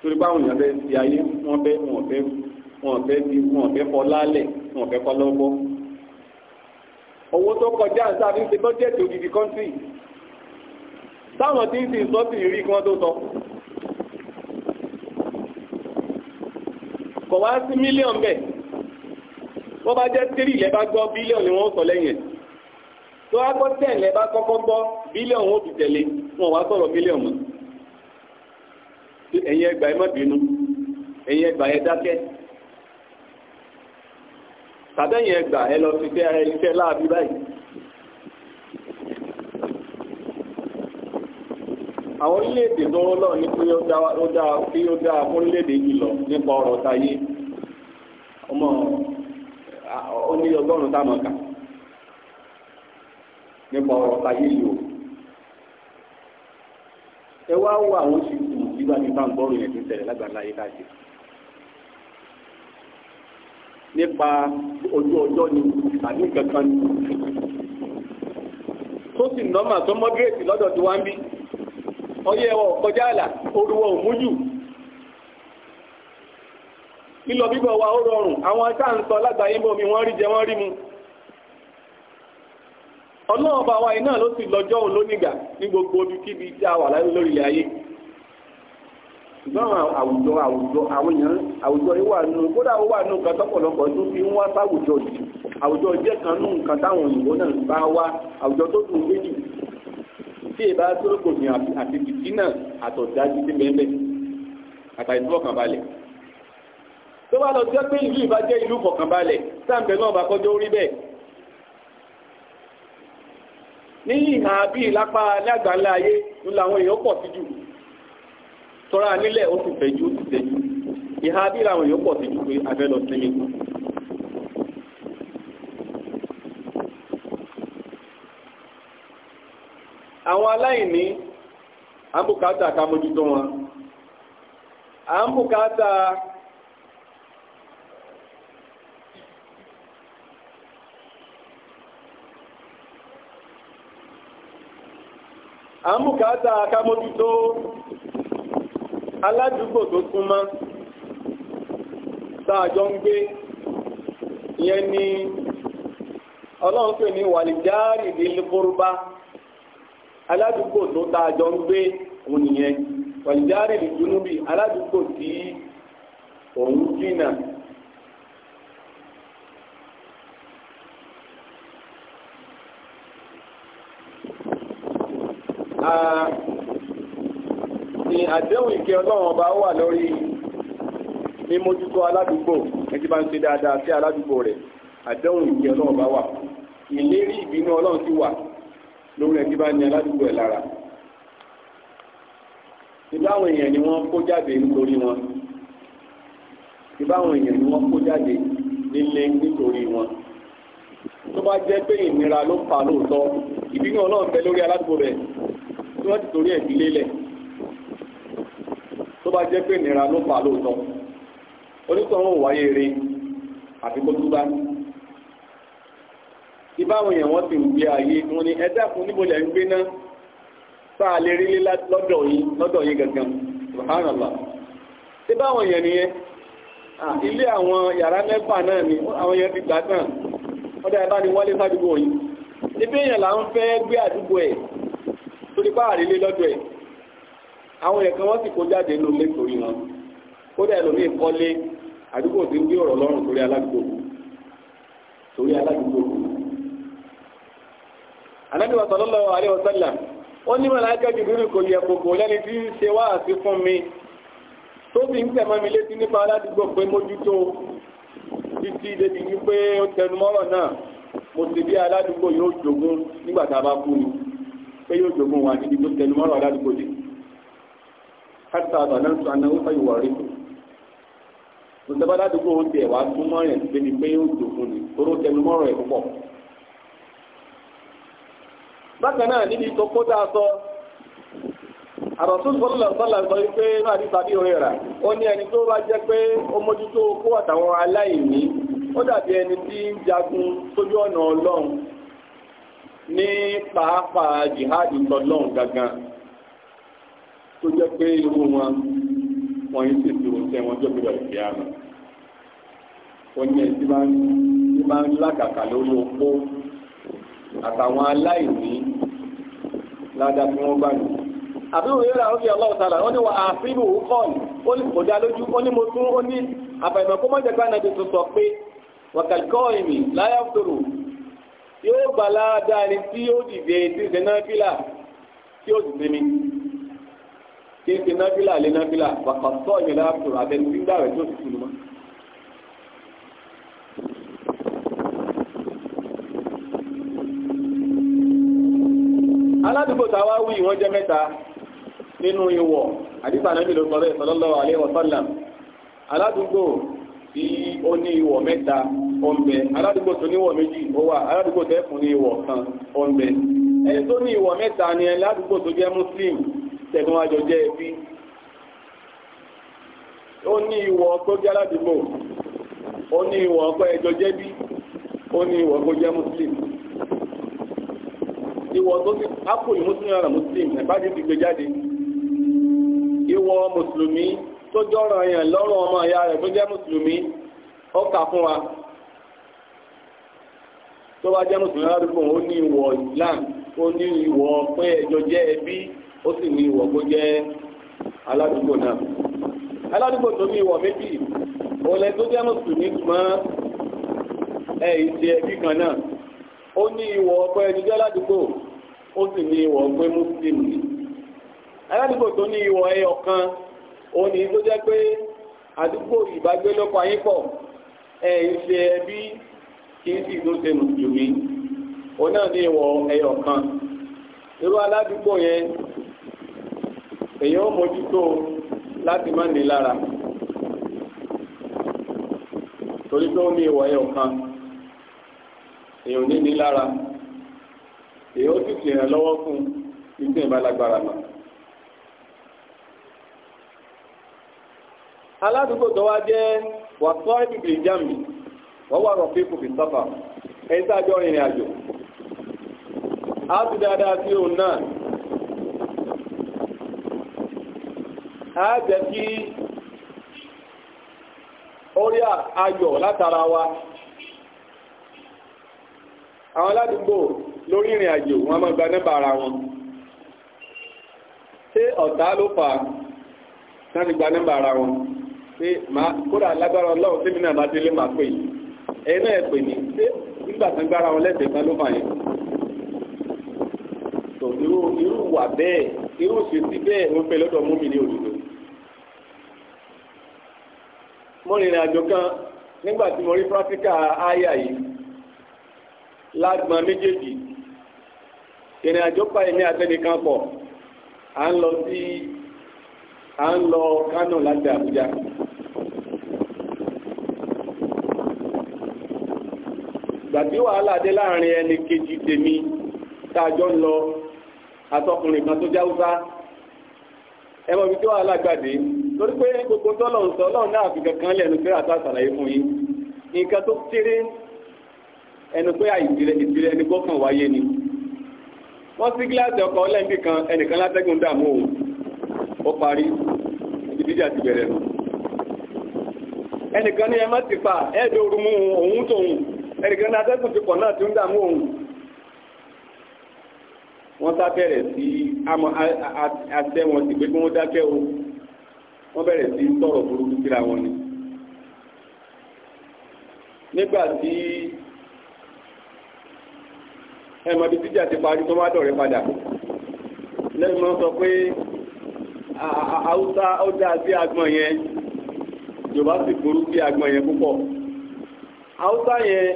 torí báwọn èèyàn fẹ́ ti ayé wọ́n fẹ́ wọ́n fẹ́ wọ́n fẹ́ ti wọ́n fẹ́ kọ́ lálẹ̀ wọ́n fẹ́ kọ́ lọ́gbọ́ owó tó kọjá sáà ń ṣe bọ́jẹ́tì odidi kọ́ńtì táwọn tí ń sì sọ sí rí kan tó sọ kọ̀ wá sí mílíọ̀n bẹ̀ wọ́n bá jẹ́ tírì lẹ́ bá gbọ́ bílíọ̀n ni wọ́n sọ lẹ́yìn ẹ̀ tó wá gbọ́ tẹ̀ lẹ́ bá kọ́kọ́ gbọ́ bílíọ̀n ó fi tẹ̀lé wọn wá sọ̀rọ̀ mílíọ̀n mọ́ ẹ̀yin ẹgbàá ẹ má bínú ẹ̀yin ẹgbàá ẹ dákẹ́ tàbẹ́yìn ẹgbàá ẹ lọ sí iṣẹ́ láàbí báyìí àwọn orílẹ̀-èdè tó ń lọ ní pé ó dáa ó dáa pé ó dáa fún orílẹ̀-èdè yìí lọ nípa ọ̀rọ̀ táyé ọmọ ó ní ọgọ́rùn-ún táwọn kà nípa ọ̀rọ̀ táyé yìí o ẹ wá wo àwọn oṣù tó ń gbígbá ní báńgọ́rù yẹn ti ń tẹ̀lé lágbàlá yìí káàkiri nípa ojú ọjọ́ ni tàbí kankan ni tó sì nọ́mà tó mọ́gírèsì lọ́dọ̀ tí wá ń bí. ọyẹ́ ẹwọ kọjá àlà orúwọ òmójú lílọ bíbọ̀ wa ó rọrùn àwọn tá ń sọ lágbàáyé mi wọ́n rí jẹ wọ́n rí mu ọlọ́ọ̀bà wa iná ló sì lọ́jọ́ òun ní gbogbo ojú kíbi tí a wà lórí ayé àwùjọ àwùjọ àwùjọ yìí wà wà nù tí èbá sọ́rọ̀kò ní àti bìtínà àtọ̀dájú sí bẹ́ẹ̀ àtàìsífọ̀kànbalẹ̀ tó bá lọ jẹ́ pé ìlú ìbá jẹ́ ìlú fọ̀kànbalẹ̀ sáàmbẹ̀ náà bá kọjọ́ orí bẹ́ẹ̀ ní ìhà bí ìlápá lágbàlá ayé ń làwọn èèyàn pọ̀ sí jù tọ́ra nílẹ̀ ó sì fẹ̀jú ó sì fẹ̀jú ìhà bí làwọn èèyàn pọ̀ sí jù àwọn aláìní àbùkátà ká mójútó wọn àbùkátà àmúkàtà akámójútó aládùúgbò tó súnmọ́ sáàjọ ń gbé ìyẹn ni ọlọ́run pè ní wàlìjáàrì aládùúgbò tó tá a jọ ń gbé òun nìyẹn wàlìjárì ìdúnú bíi aládùúgbò tí òun jìnnà. ni àdéhùn ìkẹ́ ọlọ́run ọba wà lórí mímójútó aládùúgbò ẹjí bá ń ṣe dáadáa sí aládùúgbò rẹ̀ àdéhùn ìkẹ́ ọlọ́run ọba wà ìlérí ìbínú ọlọ́run ti wà lórí ẹbí bá ní aládùúgbò ẹ̀ lára ìbáwọn èèyàn ni wọ́n kó jáde nítorí wọn ìbáwọn èèyàn ni wọ́n kó jáde nílé nítorí wọn tó bá jẹ́ pé ìnira ló fà lóòótọ́ ìbínú ọlọ́run bẹ lórí aládùúgbò rẹ̀ tí wọ́n ti torí ẹ̀bí lélẹ̀ tó bá jẹ́ pé ìnira ló fà lóòótọ́ onítọ̀hún wáyé rí àfikún tó bá ní báwọn èèyàn wọ́n ti wùgbé ayé wọn ni ẹ dákun níbo lẹ̀ ń gbé náà fa lè rí lé lọ́dọ̀ yìí lọ́dọ̀ yìí gangan subhanallah ṣé báwọn èèyàn nìyẹn ilé àwọn yàrá mẹ́fà náà ni àwọn èèyàn ti gbà tán ọdọ ẹ bá ní wọlé sádùúgbò yìí ibi èèyàn là ń fẹ́ gbé àdúgbò ẹ̀ torí bá àrílé lọ́dọ̀ ẹ̀ àwọn èèyàn kan wọ́n sì kó jáde nínú ilé torí wọn kódà ẹlòmíì kọ́lé àdúgbò ti ń gbé ọ̀rọ̀ lọ́rùn torí aládùúgbò torí aládùúgbò Ànábì sallallahu alaihi wasallam ó ní màláíkà Jibril kò yẹ kòkò lẹ́ni tí ń ṣe wá àti fún mi tó fi ń tẹ̀mọ́ mi létí nípa aládùúgbò pé mójútó títí débi wípé ó tẹnu mọ́rọ̀ náà mo sì bí aládùúgbò yóò jogún nígbà tá a bá kú ni pé yóò jogún wa níbi tó tẹnu mọ́rọ̀ aládùúgbò yìí kátà àbànáńtò anáwó fẹ́ ìwà rí mo sọ bá ó tẹ̀ wá tún mọ́rẹ̀ débi pé yóò jogún ni toró tẹnu ẹ̀ púpọ̀ bákan náà níbi tó kó dáa sọ àròtún sọlọ sọlọ sọ wípé máa ní tàbí orin rà ó ní ẹni tó bá jẹ́ pé ó mójútó kó àtàwọn aláìní ó dàbí ẹni tí ń jagun sójú ọ̀nà ọlọ́run ní pàápàá jihadi tọlọ́run gangan tó jẹ́ pé irú wọn wọn yìí sì ti ròṣẹ́ wọn jọ́ gbọ́dọ̀ ìfẹ́ àmọ́ ó ní ẹni tí máa ń lákàkà lórí opó àtàwọn aláìní ládàá tí wọ́n gbà ní. àbúrò yìí rà ó fi ọlọ́run tààlà ó ní wà àfihàn òun kọ́ọ̀lù ó ní kò dá lójú ó ní mo tún ó ní àbàìmọ̀ kó mọ̀jẹ̀ gbàna ti sọ pé wàkàlíkọ́ ìmì láyà fòrò yóò gbà ládàá ni tí ó dìde tí ìṣe náà fìlà tí ó sì sinmi tí ìṣe náà fìlà lé náà fìlà wàkàtọ́ ìmì láyà fòrò àtẹnudígbà rẹ̀ tó sì sinmi àdúgbò tàwa wí wọ́n jẹ́ mẹ́ta nínú ìwọ̀ àdìsá nàbí ló sọ bẹ́ẹ̀ sallallahu alaihi wasallam aládùúgbò tí ó ní ìwọ̀ mẹ́ta ọ̀nbẹ aládùúgbò tó níwọ̀ méjì ó wà aládùúgbò tẹ́ fún ní ìwọ̀ kan ọ̀nbẹ ẹni tó ní ìwọ̀ mẹ́ta ni aládùúgbò tó jẹ́ muslim tẹ̀gbọ́n àjọ jẹ́ ẹbí ó ní ìwọ̀ tó jẹ́ aládùúgbò ó ní ìwọ̀ ọkọ̀ ẹjọ jẹ́bí ó ní ìwọ̀ tó jẹ́ muslim ìwọ tó ti ápò ìmúsùlùmí ọ̀nà muslim ẹ̀bájú ti gbé jáde ìwọ mùsùlùmí tó jọ́ràn yẹn lọ́rùn ọmọ ìyá rẹ̀ tó jẹ́ mùsùlùmí ó kà fún wa tó bá jẹ́ mùsùlùmí aládùúgbò ó ní ìwọ islam ó ní ìwọ pé ẹjọ jẹ́ ẹbí ó sì ní ìwọ kó jẹ́ aládùúgbò náà aládùúgbò tó ní ìwọ méjì òun tó jẹ́ mùsùlùmí mọ́ ẹ̀ ìṣe ẹbí kan náà ó ní ìwọ ọ̀pọ̀ ẹni jẹ́ ládùúgbò ó sì ní ìwọ̀ pé muslim ni aládùúgbò tó ní ìwọ̀ ẹyọ kan òun ní tó jẹ́ pé àdúgbò ìbágbélọ́pọ̀ ayé pọ̀ ẹ̀ ń ṣe ẹbí kì n sì tó ṣe mùsùlùmí òun náà ní ìwọ̀ ẹyọ kan irú aládùúgbò yẹn èyí ó mójútó láti má ní lára torí pé ó ní ìwọ̀ ẹyọ èyí ó sì fi hàn lọ́wọ́ fún ìgbín ìbálagbára náà. aládùúgbò tó wá jẹ́ wàtọ́ ìbìbì ìjàmì wọ́n wà rọ̀ fífò fi sọ́fà ẹni tá a jọ rìnrìn àjò á ti dáadáa sí òun náà á jẹ́ kí orí ayọ̀ látara wa àwọn aládùúgbò lórí ìrìn àjò wọ́n máa gba nọ́mbà ara wọn ṣé ọ̀tá ló fà á tán ti gba nọ́mbà ara wọn pé máa kódà lágbára ọlọ́run tí mi náà bá ti lé máa pè yìí ẹ̀yin náà ẹ̀ pè ní ṣé nígbà tán gbára wọn lẹ́sẹ̀ tán ló fà yẹn tó irú irú wà bẹ́ẹ̀ irú òṣèṣì bẹ́ẹ̀ ló fẹ́ lọ́dọ̀ mú mi ní òdodo mo rìnrìn àjò kan nígbà tí mo rí pírátíkà áyà yìí lágbọn méjèèjì ìrìn àjò pa èmi àtẹnìkan pọ̀ à ń lọ sí à ń lọ Kánò láti Àbújá gbàtí wàhálà dé láàrin ẹni kejì tèmi tá a jọ ń lọ àtọkùnrin kan tó jáwúsá ẹmọ ibi tí wàhálà gbàdé torí pé gbogbo tọ́lọ̀ ń sọ náà fi kankan lẹ́nu pé àtà àṣàlàyé fún yín nǹkan tó kéré ẹnu pé àìsílẹ̀ ẹni gbọ́kàn wáyé ni wọ́n sí gíláàsì ọkọ̀ ọlẹ́ǹdì kan ẹnìkan látẹ́gùn dààmú ó parí ìdíjà ti bẹ̀rẹ̀ ẹnìkan ní ẹmọ́ ti fà ẹ́ẹ̀dẹ̀ orúmú òun tóun ẹnìkan ní atẹ́gùn ti pọ̀ náà ti ń dààmú òun wọ́n sá bẹ̀rẹ̀ sí àṣẹ wọn sì pé kí wọ́n dákẹ́ o wọ́n bẹ̀rẹ̀ sí sọ̀rọ̀ burúkú síra wọn ni nígbà tí ẹmọ ibi tíjà ti parí tó má dọ̀rẹ́ padà lẹ́yìn mọ́ sọ pé haúsá ó dáa sí agbọ̀n yẹn yorùbá sì burú sí agbọ̀n yẹn púpọ̀ haúsá yẹn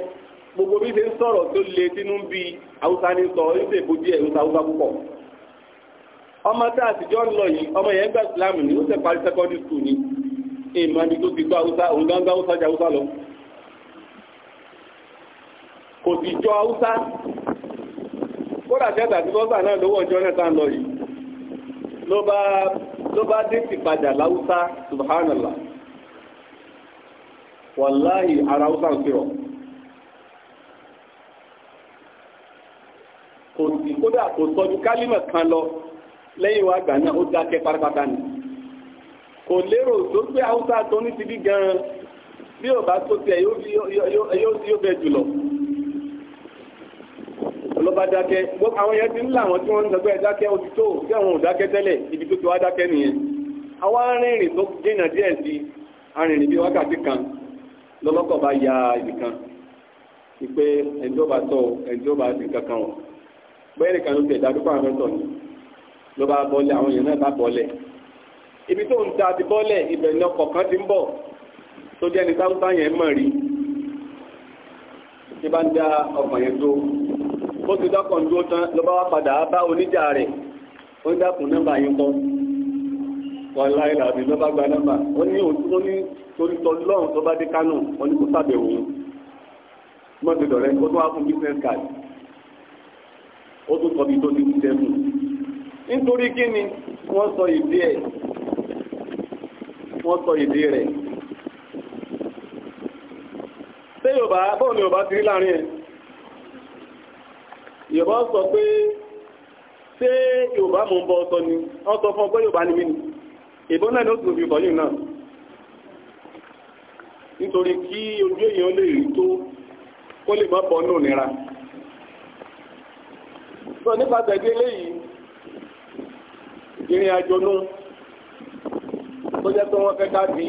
gbogbo bí ṣe ń sọ̀rọ̀ tó le sínú bí haúsá ní sọ ó sì èbó díẹ̀ haúsá haúsá púpọ̀ ọmọ tá àtijọ́ ń lọ yìí ọmọ yẹn gba islam ni ó sì parí secondary school ni ìmọ̀ ni tó ti gbọ́ haúsá òun gángan haúsá jẹ haúsá lọ kò sì jọ haúsá bọ́tà kẹta àti bọ́tà náà lówó ọjọ́ náà tá ń lọ yìí ló bá dé ti padà láwùsá subhanallah wàláhì ara haúsá ń fi rọ̀ kò sí kódà kò sọjú kálímọ̀ kan lọ lẹ́yìn wa gbà náà ó dákẹ́ pátápátá ni kò lérò tó pé haúsá tó ní ti bí gan-an bí ò bá tó tiẹ̀ yóò bẹ jùlọ bá dákẹ́ àwọn yẹn ti ń là wọn tí wọ́n ń sọgbẹ́ dákẹ́ oṣù tó tí àwọn ò dákẹ́ tẹ́lẹ̀ ibi tó ti wá dákẹ́ nìyẹn àwọn arìnrìn tó jìnà díẹ̀ sí arìnrìn bí wákàtí kan lọ́lọ́kọ̀ bá ya ibì kan ìpè ẹ̀ńdọ́bà tọ̀ ẹ̀ńdọ́bà sì kankan wọ̀ bẹ́ẹ̀ nìkan ló ti ẹ̀dá dúpọ̀ àwọn ẹ̀tọ́ ni ló bá bọ́lẹ̀ àwọn èèyàn náà bá bọ́lẹ̀ ibi tó ń ta ti bọ́lẹ̀ ibẹ̀ ní ọkọ̀ kan ti ń bọ̀ tó jẹ́ ní sáńtà yẹn mọ̀ rí tí bá ń dá ọkọ̀ yẹn tó ó ti dákọ̀ ń dúró tán ló bá wá padà bá oníjà rẹ̀ ó ń dákun nọ́mbà yín kọ́ wọ́n láì làbí ló bá gba nọ́mbà ó ní òtún ó ní torí tọ́ lọ́run tó bá dé kánò ó ní kó sàbẹ̀wò òun mọ́ ti dọ̀rẹ́ ó tún wá fún business card ó tún kọ́ bí tó ni wọ́n sọ ìdí láàrin ẹ̀ yorùbá sọ pé ṣé yorùbá mò ń bọ ọsọ ni ọ sọ fún ọ pé yorùbá ni mí ni ìbọn náà ló sì fi kọyìn náà nítorí kí ojú èèyàn lè rí tó kó lè má bọ ní òníra sọ nípa tẹ̀dé léyìí ìrìn àjò nú tó jẹ́ pé wọ́n fẹ́ ká di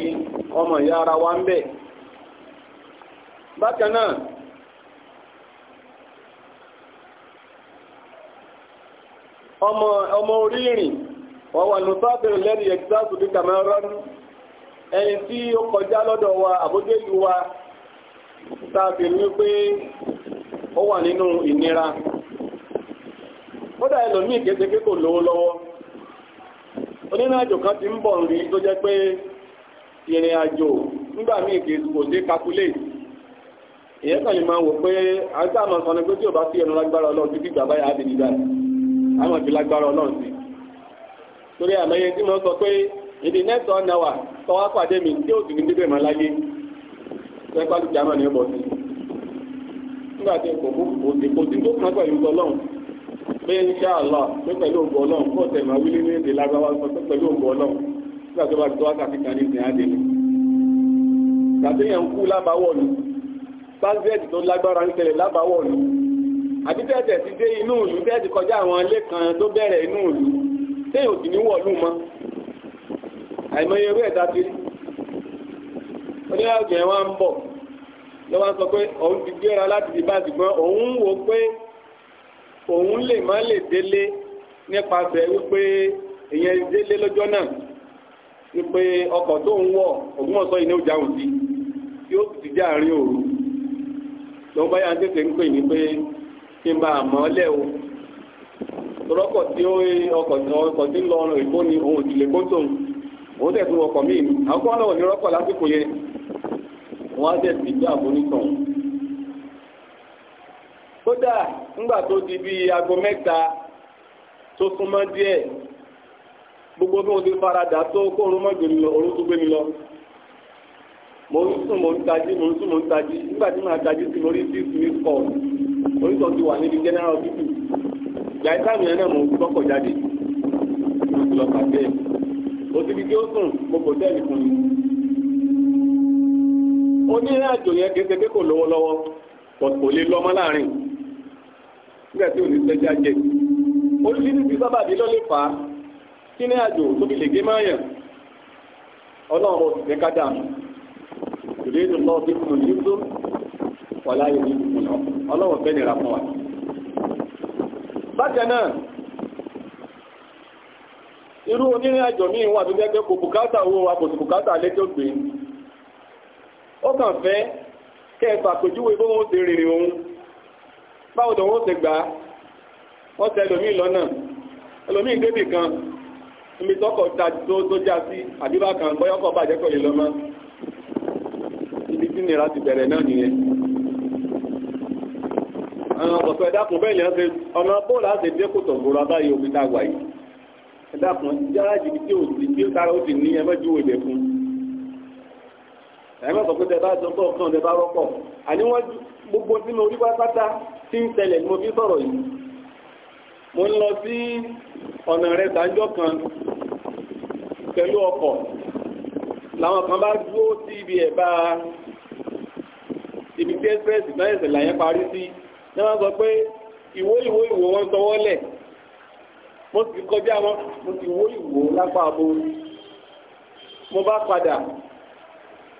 ọmọ ìyá ara wa ń bẹ̀ bákan náà ọmọ orí ìrìn wọ́n wà ní sáfẹ́rì lẹ́nu ẹ̀kísáàtù Cameroon ẹni tí ó kọjá lọ́dọ̀ wa àbójé ìlú wa sáfẹ́ ní pé ó wà nínú ìnira kódà ẹlòmíì kékeré kò lówó lọ́wọ́ onírìnàjò kan ti ń bọ̀ rí tó jẹ́ pé ìrìn àjò nígbà kò sí máa wò pé àgbà ni àwọn ìfi lágbára ọlọ́run sí torí àmọye tí mo sọ pé èdè nẹ́tọ̀ náwà tọwọ́ pàdé mi tí ó sì ní bíbẹ̀ mọ́ láyé sẹ́pàlù jámà ní ọ̀bọ̀ sí nígbà tí kò kú kò sí kò sí tó kàn pẹ̀lú ọlọ́run pé ń ṣá àlọ́ pé pẹ̀lú ògbó ọlọ́run kó tẹ̀ máa wílé ní èdè lágbára sọ pé pẹ̀lú ògbó ọlọ́run nígbà tó bá ti tọ́wọ́ kàfi kan ní ìsìn àdé ni tàbí yẹn ń kú lábáwọ̀ ni pásítẹ̀tì tó lágbára ń tẹ̀lé lábáwọ̀ ni àbí tẹ́tẹ̀ ti dé inú ìlú tẹ́tì kọjá àwọn ilé kan tó bẹ̀rẹ̀ inú ìlú téèyàn sì ní wọ̀lú mọ́ àìmọye ewé ẹ̀ta ti rí oníyàwó yẹn wá ń bọ̀ ló wá sọ pé òun ti gbéra láti di bá ṣùgbọ́n òun ń wo pé òun lè má lè délé nípasẹ̀ wípé èèyàn délé lọ́jọ́ náà wípé ọkọ̀ tó ń wọ̀ Ògbómọ̀ṣọ́ yìí ní ọjà òsì tí ó ti dé àárín òru lọ́wọ́ ń tètè ń pè ní pé kí n bá a mọ́ o tọ́lọ́kọ̀ tí ó ọkọ̀ tí ń lọ ọ̀nà ìbò ni òun ìdílé kótó òun m. tún ọkọ̀ ni àwọn kan náà ní lásìkò yẹn wọ́n á tẹ̀ sí àbónítàn kódà ńgbà tó di bíi aago mẹ́ta tó súnmọ́ díẹ̀ gbogbo bí ti faradà tó mi lọ orun tó gbé mi lọ ń sùn ń tají ń sùn ń tají nígbà tí màá oríṣọ ti wà níbi general hospital ìyá ìsáàmì yẹn náà mo gbọ́kọ̀ jáde mo ti lọ pàdé ẹ̀ mo ti fi kí ó sùn mo kò tẹ́ ẹ̀lì fún mi. onírìn àjò yẹn kìí ṣe pé kò lówó lọ́wọ́ kò lè lọ́mọ láàrin nígbà tí ò ní sẹ́jà jẹ oríṣiríṣi sábàbí ló lè fà á kí ní àjò tó fi lè gé máa yàn ọlọ́run ò sì fẹ́ ká dààmú ìrètò lọ́ọ́ fi kùn ní tó fọlá yìí ní ìkùnà ọlọ́wọ́ bẹ́ẹ̀ nira fún wa. bákan náà irú onírìn àjò míì wà tó jẹ́ pé kò bùkátà owó wa kò sì bùkátà lẹ́jọ́ gbé ó kàn fẹ́ kẹfà pèjúwe bó wọn ti rìnrìn òun báwo lòun ó ti gbà á wọ́n tẹ ẹlòmíì lọ́nà ẹlòmíì débì kan níbi tọkọ̀ ta tó tó já sí àdébà kan bọ́yọ́kọ̀ bàjẹ́ kò lè lọ́mọ ibi tí nira ti bẹ̀rẹ̀ náà nìyẹn ọ̀pọ̀ ẹ̀dàkùn bẹ́ẹ̀ ni ọ̀sẹ̀ ọ̀nà bóòlù àti ìdíkù tọ̀gbọ̀rọ̀ abáyé omi tá a wà yìí ẹ̀dàkùn gáràjì tí ò ti tí tára ó ti ní ẹ mẹ́jọ ìbẹ̀ fún ẹ mẹ́sàn pé tẹ́bá tó tọ́ kan tẹ́bá rọ́pọ̀ àní wọ́n gbogbo tí mo rí pátá tí ń tẹ̀lẹ̀ ni mo fi sọ̀rọ̀ yìí mo ń lọ sí ọ̀nà rẹ̀ sàájọ́ kan pẹ̀lú ọkọ̀ làwọn kan bá dúró sí ibi ẹ̀bá ibi tí express náà ẹ̀sẹ̀ làyẹn parí sí ní wọ́n sọ pé ìwó ìwó ìwò wọn sọwọ́ lẹ̀ mo sì kọjá wọn mo sì wó ìwò lápá abo mo bá padà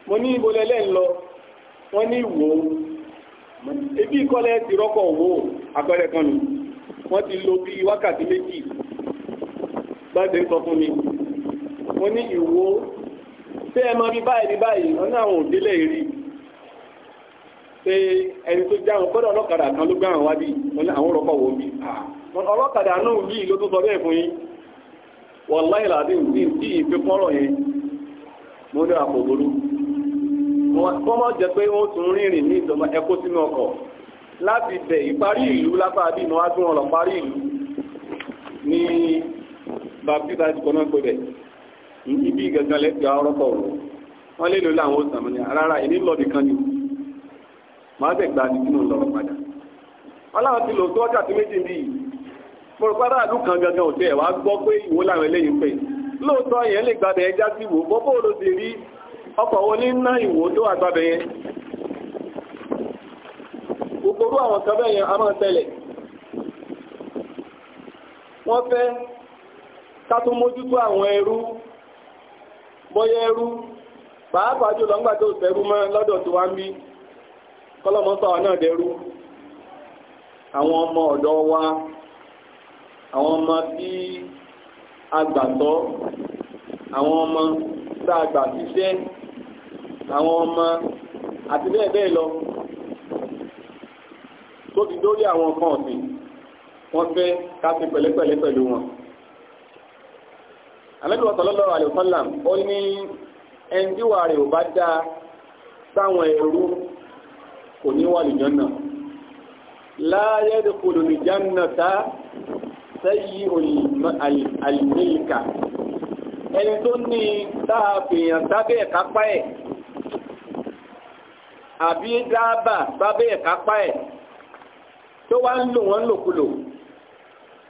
mo ní ibo lẹ́lẹ́ ń lọ wọ́n ní ìwò ebi ìkọlẹ̀ ti rọ́pọ̀ wò àpẹẹrẹ kan nù wọ́n ti lò bí wákàtí méjì gbáde ń sọ fún mi mo ní ìwò tẹ́ ẹ bí báyìí bí báyìí wọ́n ní àwọn òdílé rí pé ẹni tó jáwọn kọ́dọ̀ ọlọ́kadà kan ló gbáhàn wá bí àwọn ọlọ́kọ̀ wò bí ọlọ́kadà náà yìí ló tó sọ bẹ́ẹ̀ fún yín wọ̀láì làdí ní tí ìfẹ́ kọ́rọ̀ yẹn mo ní àpò wọ́n pé wọ́n tún rìnrìn ní ìjọba sínú ọkọ̀ láti bẹ̀ ìparí ìlú lápá bí ìmọ̀ parí ìlú ní ibi lè lò láwọn rárá kan màá bẹ̀ gba nínú lọ́rọ̀ padà ọlọ́run ti lò tó wákàtí méjì bí yìí mo rò pàdé àlù kan gangan òtẹ́ ẹ̀ wá gbọ́ pé ìwó làwọn eléyìí pè lóòótọ́ yẹn lè gbàbẹ̀ ẹja sí ìwò bó bó ọkọ̀ wọn ní ná ìwò tó wà gbàbẹ̀ yẹn àwọn kan bẹ́ẹ̀ yẹn a máa tẹ̀lẹ̀ wọ́n fẹ́ ká tó mójútó àwọn ẹrú ẹrú pàápàá tó fẹ́rú kọ́lọ́mọ́sọ náà dẹrú àwọn ọmọ ọ̀dọ́ wa àwọn ọmọ tí agbàtọ́ àwọn ọmọ tá a gbà síṣẹ́ àwọn ọmọ àti bẹ́ẹ̀ bẹ́ẹ̀ lọ tó ti dórí àwọn nǹkan ọ̀sìn wọ́n fẹ́ ká ṣe pẹ̀lẹ́pẹ̀lẹ́ pẹ̀lú wọn àlẹ́bí wọn ó ní ẹni rẹ̀ ò bá dáa sáwọn ẹrú kò ní wà ní jọ́nà láyé kòlò ní jọ́nà tá sẹ́yí àlìmílìkà ẹni tó ní táàfihàn sábẹ́ ẹ̀kápá ẹ̀ àbí dáàbà sábẹ́ ẹ̀kápá ẹ̀ tó wá ń lò wọ́n lòkulò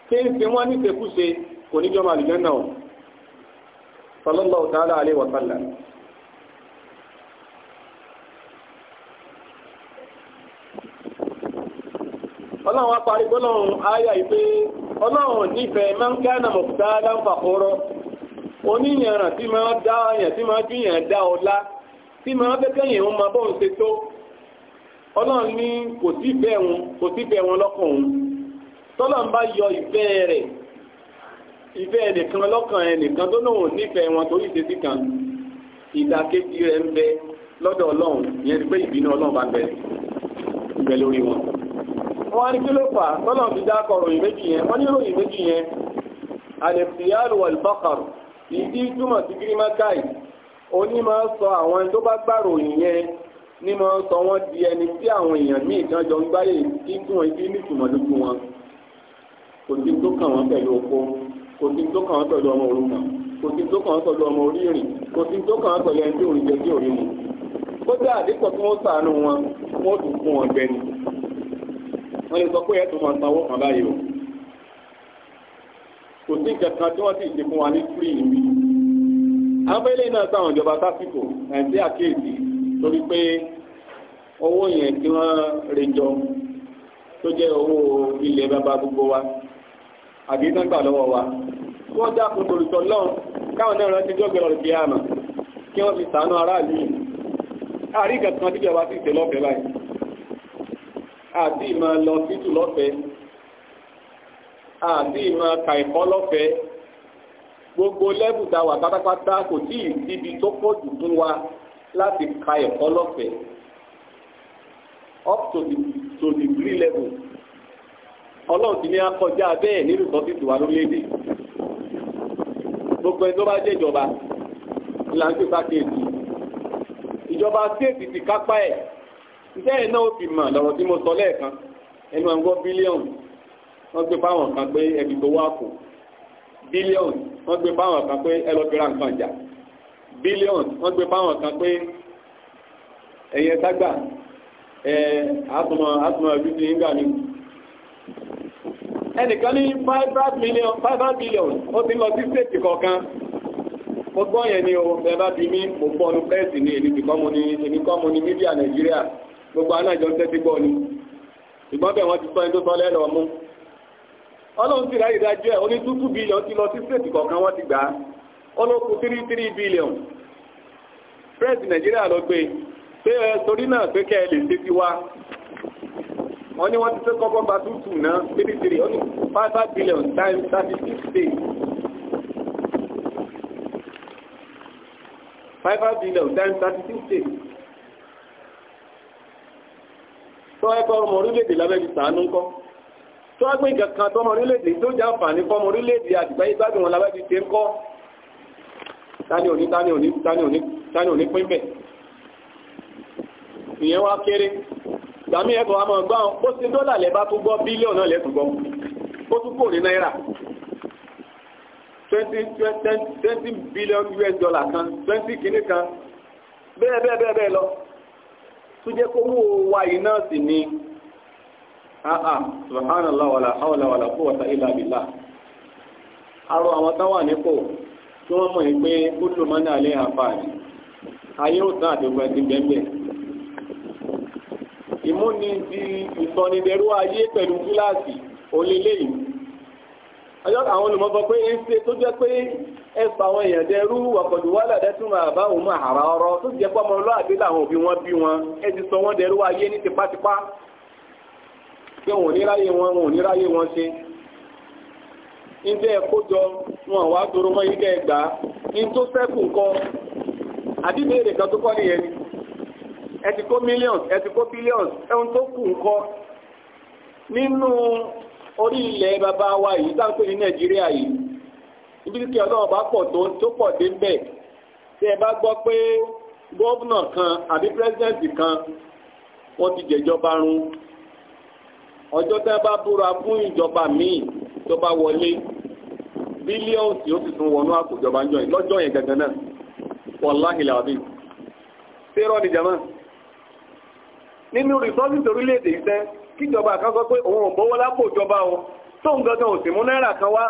tí ń fi wọ́n nífẹ̀ẹ́kúṣe kò ní jọ́mà àlìjọ́nà sallallahu ta'ala alaihi wa sallam ọlọ́run apárí gbọ́lọ́run ayà ìpé ọlọ́run nífẹ̀ẹ́ máa ń kẹ́ẹ̀nà mọ̀kútà láǹfàkọ́rọ́ oníyànràn tí máa dá ọyàn tí máa júyàn dá ọlá tí máa fẹ́kẹ́yìn wọn máa bọ́n se tó ọlọ́run ní kò sí ìfẹ́ wọn kò sí ìfẹ́ wọn lọ́kàn tọ́lọ́run bá yọ ìfẹ́ rẹ̀ ìfẹ́ ẹnìkan lọ́kàn ẹnìkan tó lóun nífẹ̀ẹ́ wọn torí kan ìdàkejì rẹ̀ ń bẹ lọ́dọ̀ ọlọ́run ìyẹn ti pé ìbínú ọlọ́run bá wọ́n ní kí ló fà tọ́lọ̀ fi dákọ̀ ròyìn méjì yẹn wọ́n ní ròyìn méjì yẹn alẹ́fìyàrù albakar ìdí túmọ̀ sí gírímákàì oní máa sọ àwọn ẹni tó bá gbà ròyìn yẹn ní máa sọ wọ́n di ẹni tí àwọn èèyàn míì kan jọ ń gbáyè kí tún wọn ibi nítumọ̀ lójú wọn kò sí tó kàn wọ́n pẹ̀lú oko kò sí tó kàn wọ́n pẹ̀lú ọmọ òrukàn kò sí tó kàn wọ́n pẹ̀lú ọmọ orí kò sí tó kàn wọ́n pẹ̀lú ẹni tí òrìjẹ tí òrí mu kódà àdékọ̀ tí wọ́n sàánú wọn wọ́n tún fún wọn wọ́n lè sọ pé ẹ̀ tó máa sanwó kan báyìí o kò sí ìkẹta tí wọ́n sì ṣe fún wa ní free níbí abẹ́lé náà sáwọn ìjọba sásìkò àti àkéèsì torí pé owó yẹn tí wọ́n rejọ tó jẹ́ owó ilẹ̀ bàbá gbogbo wa àbí sẹ́ńgbà lọ́wọ́ wa wọ́n dákun tòlùtọ̀ lọ́n káwọn náà rántí jọ́gbẹ̀ ọ̀rọ̀ kí á mọ̀ kí wọ́n fi sàánú aráàlú yìí àrí ìkẹ̀kan tíjọba sì ṣe lọ́fẹ̀ẹ́ báyìí àti ìmọ̀ lọ títù lọ́fẹ̀ẹ́ àti ìmọ̀ ka ẹ̀kọ́ lọ́fẹ̀ẹ́ gbogbo lẹ́bù tá a wà pátápátá kò tí ì síbi tó pọ̀ jù fún wa láti ka ẹ̀kọ́ lọ́fẹ̀ẹ́ up to the to the degree level ọlọ́run ti ní akọjá bẹ́ẹ̀ nínú ìsọ́fíìsì wa lórílẹ̀‐èdè gbogbo ẹni tó bá jẹ́ ìjọba ìlànà ìpàkejì ìjọba sí ètìtì kápá ẹ̀ iṣẹ́ yẹn ó fi mà lọ́rọ̀ tí mo sọ lẹ́ẹ̀kan ẹnu àwọn bílíọ̀nù wọ́n gbé fáwọn kan pé ẹbí tó wọ́n gbé fáwọn kan pé ẹ nǹkan jà bílíọ̀nù wọ́n gbé fáwọn kan pé ẹ̀yẹ ságbà ẹ̀ àtùmọ̀ àtùmọ̀ ẹ̀bí ti ń ní ẹnìkan ní billion ó ti lọ sí kọ̀ọ̀kan mo gbọ́ yẹn ni o ẹ bá bí mi mo gbọ́ ọdún pẹ́ẹ̀sì ní èdè ní mídíà nàìjíríà gbogbo alájọ ń tẹ́tí gbọ́ ni ìgbọ́n bẹ̀ wọ́n ti sọ tó sọ lẹ́nu ọmú ọlọ́run ti ráyè dájú ẹ̀ oní ti lọ sí stéètì kọ̀ọ̀kan ti gbà á lọ gbé pé ẹ torí náà pé kẹ́ ẹ lè ṣe ti wá wọ́n ní wọ́n ti kọ́kọ́ gba tútù náà billion times thirty six tó ẹkọ ọmọ orílẹ̀-èdè lábẹ́ fi sàánú ńkọ́ tó wá pé kankan tó ọmọ orílẹ̀-èdè tó jẹ́ àǹfààní fọ́mọ orílẹ̀-èdè àtìgbáyé gbádùn wọn lábẹ́ fi ṣe ńkọ́ tani òní tani òní tani òní tani òní pín bẹ̀ ìyẹn wá kéré gbàmí ẹ̀kọ́ àmọ́ gbá wọn ó ti dọ́là lẹ́ bá tún gbọ́ bílíọ̀nù náà twenty billion US dollar kan twenty kìíní kan bẹ́ẹ̀ bẹ́ẹ̀ bẹ́ẹ̀ lọ tó jẹ́ kó wó wa iná sì ni àà subhanallah wàlà hawla wàlà quwwata illa billah arọ àwọn táwà nípò tí wọ́n mọ̀ ní pé kúlù mọ́ ní alẹ́ àǹfààní ayé ò tán àti ọgbẹ́ ti gbẹ́gbẹ́ ìmúni di ìsọnidẹrú ayé pẹ̀lú kíláàsì oléléyìí àwọn olùmọ̀gbọ́ pé ṣe tó jẹ́ pé ẹ̀sùn àwọn èèyàn dẹrú ọ̀pọ̀jù wà lẹ́dẹ́ tún máa bá òun máa hàrá ọ̀rọ̀ tó jẹ́ pé ọmọ ọlọ́àbí làwọn òbí wọn bí wọn ẹ ti sọ wọn dẹrú ayé ní tipátipá pé wọn ò ní wọn wọn ò ní wọn ṣe ǹjẹ́ ẹ̀kọ́jọ wọn wá dúró mọ́ ilé ẹgbà ní tó sẹ́kù kọ àdíbèrè kan tó kọ́ nìyẹn ni ẹ ti kó millions ẹ billions ẹ̀hún tó kù orí ilẹ̀ bàbá wa yìí táǹpé ní nàìjíríà yìí ibi tí ọlọ́run bá pọ̀ tó pọ̀ dé ń bẹ̀ tí ẹ bá gbọ́ pé gómìnà kan àbí pírẹsidẹ́ǹtì kan wọ́n ti jẹ̀jọba run ọjọ́ tí bá búra fún ìjọba míì tó bá wọlé bílíọ̀nù tí ó sì tún wọnú àkójọba ń jọ lọ́jọ́ yẹn gangan náà wàláhì làbí ṣé rọ́ ni jama nínú rìsọ́ọ̀sì torílẹ̀-èdè yìí kíjọba kan sọ pé òun ò lápò ìjọba o tó ń gangan ò sì mú náírà kan wá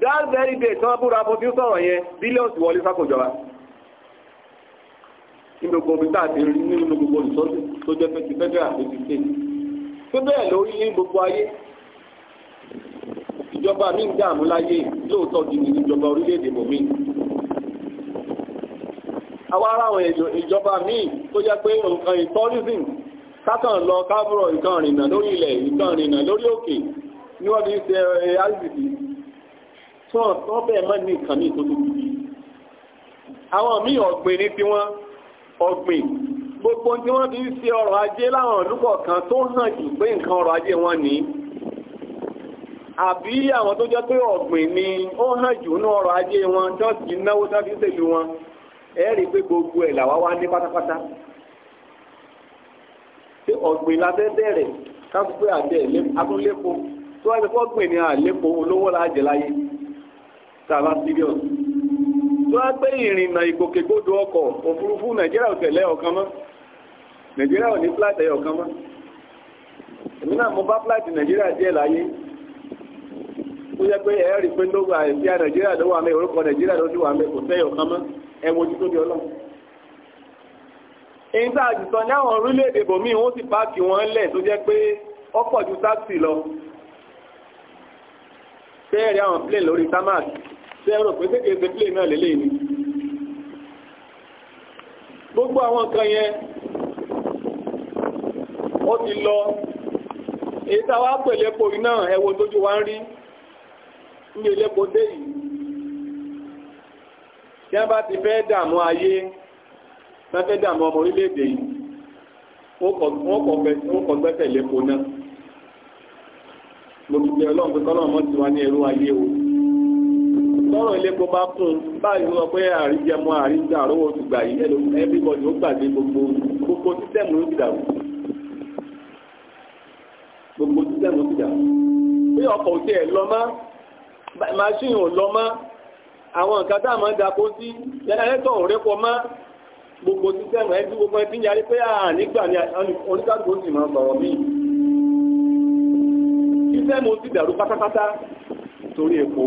that very day tán búra bó ti ń sọ̀rọ̀ yẹn bílíọ̀nù wọlé sákòjọba nínú gbogbo tá a ti rí nínú gbogbo ìsọ́sì tó jẹ́ fẹ́ ti federal àti ti state tó bẹ́ẹ̀ lórí ní gbogbo ayé ìjọba mi ń dààmú láyé lóòótọ́ di ìjọba orílẹ̀-èdè bòmí àwa ara àwọn ìjọba míì tó jẹ́ pé nǹkan tourism kákan lọ kábúrọ̀ nǹkan rìnnà lórí ilẹ̀ nǹkan rìnnà lórí òkè ní wọ́n fi ń ṣe eh, rbc tí wọ́n bẹ́ẹ̀ mọ́ ní nǹkan ní ìtòtò gidi àwọn míì ọ̀gbìn ní tiwọn ọ̀gbìn gbogbo tí wọ́n fi ń ṣe ọrọ̀ ajé láwọn olùkọ̀ kan tó hàn jù pé nǹkan ọrọ̀ ajé wọn ní àbí àwọn tó jẹ́ pé ọ̀gbìn ni ó hàn jù ní ọrọ̀ ajé wọn tó sì náwó tó fi ń ṣèlú ṣé ọ̀gbìn la fẹ́ bẹ̀rẹ̀ káfíńpé àjẹ agúnlépo tó wáyé fọ́ gbìn ní àlépo olówó la jẹ láyé tàbá serious tó wá pé ìrìnnà ìgbòkègbodò ọkọ̀ òfurufú nàìjíríà ò tẹ̀lé ọ̀kan mọ́ nàìjíríà ò ní flight ẹ̀yọ̀ kan mọ́ èmi náà mo bá flight nàìjíríà díẹ̀ láyé ó yẹ pé ẹ̀ẹ́rì pé ló wà ẹ̀fíà nàìjíríà ló wà mẹ́ orúkọ nàìjíríà ló ti wà mẹ́ kò tẹ́yọ̀ kan mọ́ ẹ̀wọ̀n ojú tó di ọlọ́run èyí tá a jù sọ ní àwọn orílẹ̀-èdè bòmí wọ́n sì páàkì wọn lẹ̀ tó jẹ́ pé ọ̀pọ̀ ju táàkì lọ tẹ́ẹ̀rí àwọn plane lórí tarmac tẹ́ẹ̀rọ pé kékeré plane náà lélẹ̀ ni gbogbo àwọn nǹkan yẹn ó ti lọ èyí tá a wá pẹ̀lú epo iná ẹ̀wọ̀n tójú wa ń rí ní ilé epo dé yìí tí wọ́n bá ti fẹ́ dààmú ayé sáfẹ́ dààmú ọmọ orílẹ̀-èdè yìí wọ́n kọ̀ gbẹ́sẹ̀ lẹ́kọ̀ọ́ náà mo ti bẹ ọlọ́run pé kọ́lọ́run mọ́ ti wá ní ẹrú ayé o lọ́rọ̀ ilé kó bá kún báyìí lọ pé àríjẹmọ àríjà àrówó ti gbà yìí ẹlò everybody ó gbàgbé gbogbo gbogbo sísẹ́mù ló ti dàrú gbogbo sísẹ́mù ló ti dàrú bí ọkọ̀ òsì ẹ̀ lọ mọ́ màṣíìnì ò lọ mọ́ àwọn nǹkan tá a máa ń dako sí ẹlẹ́tọ̀ ò rẹ́pọ̀ mọ́ gbogbo sísẹ́mù ẹ bí gbogbo ẹtí yarí pé à nígbà ni oníkàgbò sì máa sọ̀rọ̀ mí. sísẹ́mù ti dàrú pátápátá torí epo.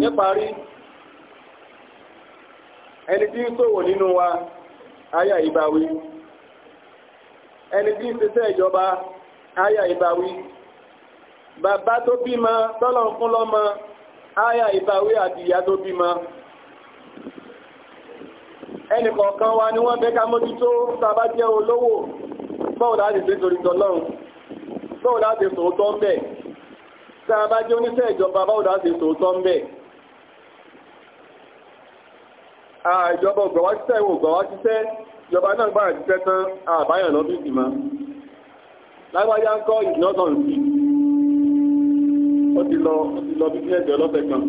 níparí ẹni tí ń ṣòwò nínú wa aya ìbáwí ẹni tí ń ṣiṣẹ́ ìjọba aya ìbáwí bàbá tó bímọ tọ́lọ̀ ń fún lọ́mọ áyà ìbáwé àti ìyá tó bímọ ẹnìkọ̀ọ̀kan wa ni wọ́n fẹ́ ká mójútó tàbá jẹ́ olówó bọ́ọ̀ láti ṣe torí tọ́lọ́run bọ́ọ̀ láti sòótọ́ ń bẹ̀ tàbá jẹ́ oníṣẹ́ ìjọba bọ́ọ̀ láti sòótọ́ ń bẹ̀ ìjọba ògbọ̀wá ṣiṣẹ́ ìwò ògbọ̀wá ṣiṣẹ́ ìjọba náà gbára ṣiṣẹ́ tán àbáyàn lọ́bí ìgbìmọ̀ lágbájá ń ó ti lọ ó ti lọ bísíẹ̀sì ọlọ́sẹ̀ kan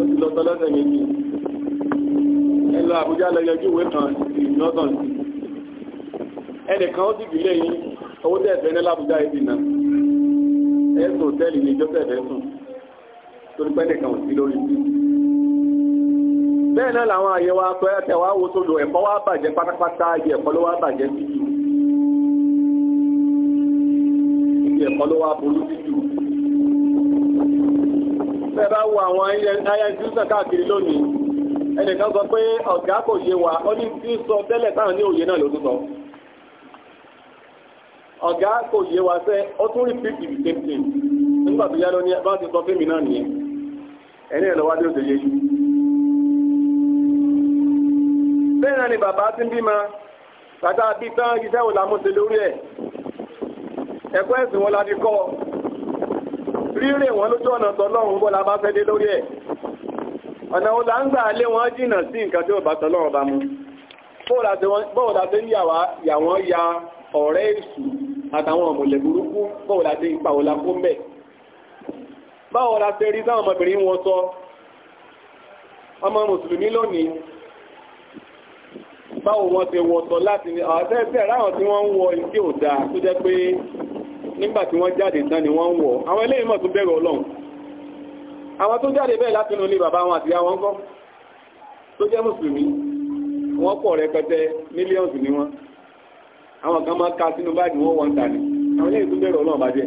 ó ti lọ tọ́lọ́sẹ̀ méjì ẹ Àbújá lọ yọjú ìwé kan sí ẹnìkan ó sì bìlẹ̀ yín owó tẹ̀fẹ́ ní làbújá yìí dìnnà ẹ̀sùn hòtẹ́ẹ̀lì ní ìjọ tẹ̀fẹ́ sùn torí pé ẹnìkan ò sí lórí sí bẹ́ẹ̀ náà làwọn àyẹ̀wò akọ ẹ̀tẹ̀ wá wo tó lo ẹ̀kọ́ wá pátápátá ibi ẹ̀kọ́ ló wá bàjẹ́ sí jù ibi ló wá burú sí jù bẹ́ẹ̀ bá wo àwọn ayé ìjúsàn káàkiri lónìí ẹnìkan sọ pé ọ̀gá kò yé wa ó ní tí sọ tẹ́lẹ̀ táwọn ní òye náà ló tún sọ ọ̀gá kò yé wa sẹ́ ó tún rí pípì bí tẹ́tì nígbà tó yá lọ ní bá ti sọ fíìmù náà nìyẹn ẹni ẹ̀lọ́wá ló ṣe yé yìí bẹ́ẹ̀ náà ni bàbá ti ń bímọ bàtà bí tán iṣẹ́ wò lámúṣe lórí ẹ̀ ẹ̀kọ́ ẹ̀sìn wọn la fi kọ́ ọ rírè wọn lójú ọ̀nà tọ́lọ́run bọ́lá bá fẹ́ dé lórí ẹ̀ ọ̀nà òun ń gbà lé wọn jìnà sí nǹkan tí ó bá tọ́lọ́run bá mú bọ́ọ̀lá tí yà wọ́n ya ọ̀rẹ́ èsù àtàwọn ọ̀mọ̀lẹ̀ burúkú bọ́ọ̀lá tí ipa òlà kó báwọ̀lá tí rí sáwọn ọmọbìnrin wọn sọ ọmọ mùsùlùmí lónìí báwo wọn ti wọ̀sọ̀ láti ní àwọn tẹ́ẹ̀tẹ́ ráwọn tí wọ́n ń wọ ìdí òdà tó jẹ́ pé nígbà tí wọ́n jáde tán ni wọ́n ń wọ̀ àwọn eléyìí mọ̀ tún bẹ̀rù ọlọ́run àwọn tó jáde bẹ́ẹ̀ láti inú ilé bàbá wọn àti àwọn ńkọ́ tó jẹ́ mùsùlùmí wọ́n pọ̀ rẹpẹtẹ mílíọ̀nsì ni wọ́n àwọn kan máa ka sínú báàgì wọ́n wọ́n ń tàní àwọn eléyìí tún bẹ̀rù ọlọ́run bàjẹ́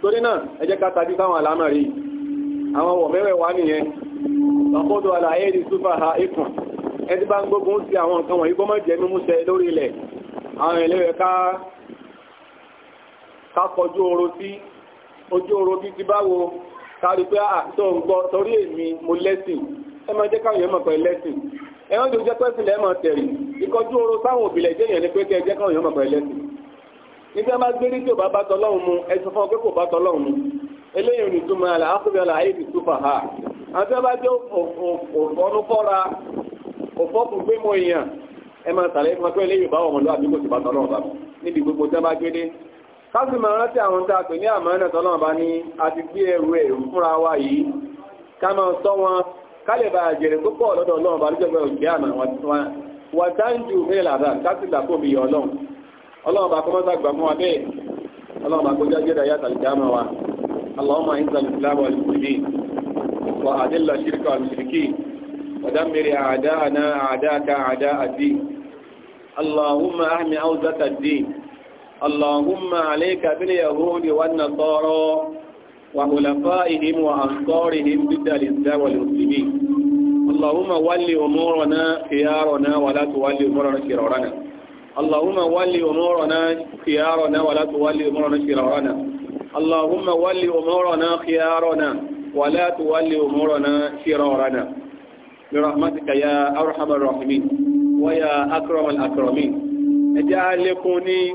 torí náà ẹ jẹ́ ká tajú sáwọn àlámà rí àwọn ọ̀wọ̀ mẹ́wẹ̀ wá nìyẹn ọkọ̀dọ̀ àlàyé ní súfà ha ikùn ẹni bá ń gbógun sí àwọn nǹkan wọ̀nyí kó má jẹ́ mímúṣẹ lórí ilẹ̀ àwọn ẹlẹ́wẹ̀ẹ́ ká kákọjú oró sí ojú oró bí ti báwo kárí pé àtọ ah, ń gbọ́ torí èmi mo lẹ́sìn ẹ máa jẹ́ káwọn èèyàn mọ̀ pé lẹ́sìn ẹ máa jẹ́ pẹ́ sílẹ̀ ẹ máa tẹ̀rì ìkọjú oró sáwọn òbílẹ̀ jẹ́ èèyàn ni pé kẹ́ ẹ jẹ́ káwọn èèyàn mọ̀ pé lẹ́sìn níbi máa gbé ní tí ò bá bá tọlọ́hun mu ẹ fún ọ kò bá tọlọ́hun mu eléyìí ò túmọ̀ àlà ákùnrin àlà ayé ti túfà ha àti ẹ bá jẹ́ òfòónú fọ́ra òfòókùn gbé mọ èèyàn ẹ máa tàlẹ́ fún ọ pé eléyìí ò bá wọ̀ mọ́ lọ́wọ́ àbí kò sì bá tọlọ́hun bá níbi gbogbo tí a máa gbé dé káàsì máa rántí àwọn tá a pè ní àmọ́nà tọ́lọ́wọ́n bá ní a ti gbé ẹrù ẹ̀rù fúnra wa yìí ká máa sọ wọn ká lè bá jèrè tó pọ̀ lọ́dọ̀ ọlọ́run bá lójọ́ gbẹ̀rù àmà wà dáńjú mílẹ̀ àdá káàsì là fún ọlọ́run اللهم انت الاسلام الدين اللهم عليك باليهود والنصارى وخلفائهم وأخطارهم ضد الإسلام والمسلمين اللهم ولي أمورنا خيارنا ولا تولي أمورنا شرارنا اللهم ولي أمورنا خيارنا ولا تولي أمورنا شرارنا اللهم ولي أمورنا خيارنا ولا تولي أمورنا شرارنا برحمتك يا أرحم الراحمين ويا أكرم الأكرمين اجعل لكوني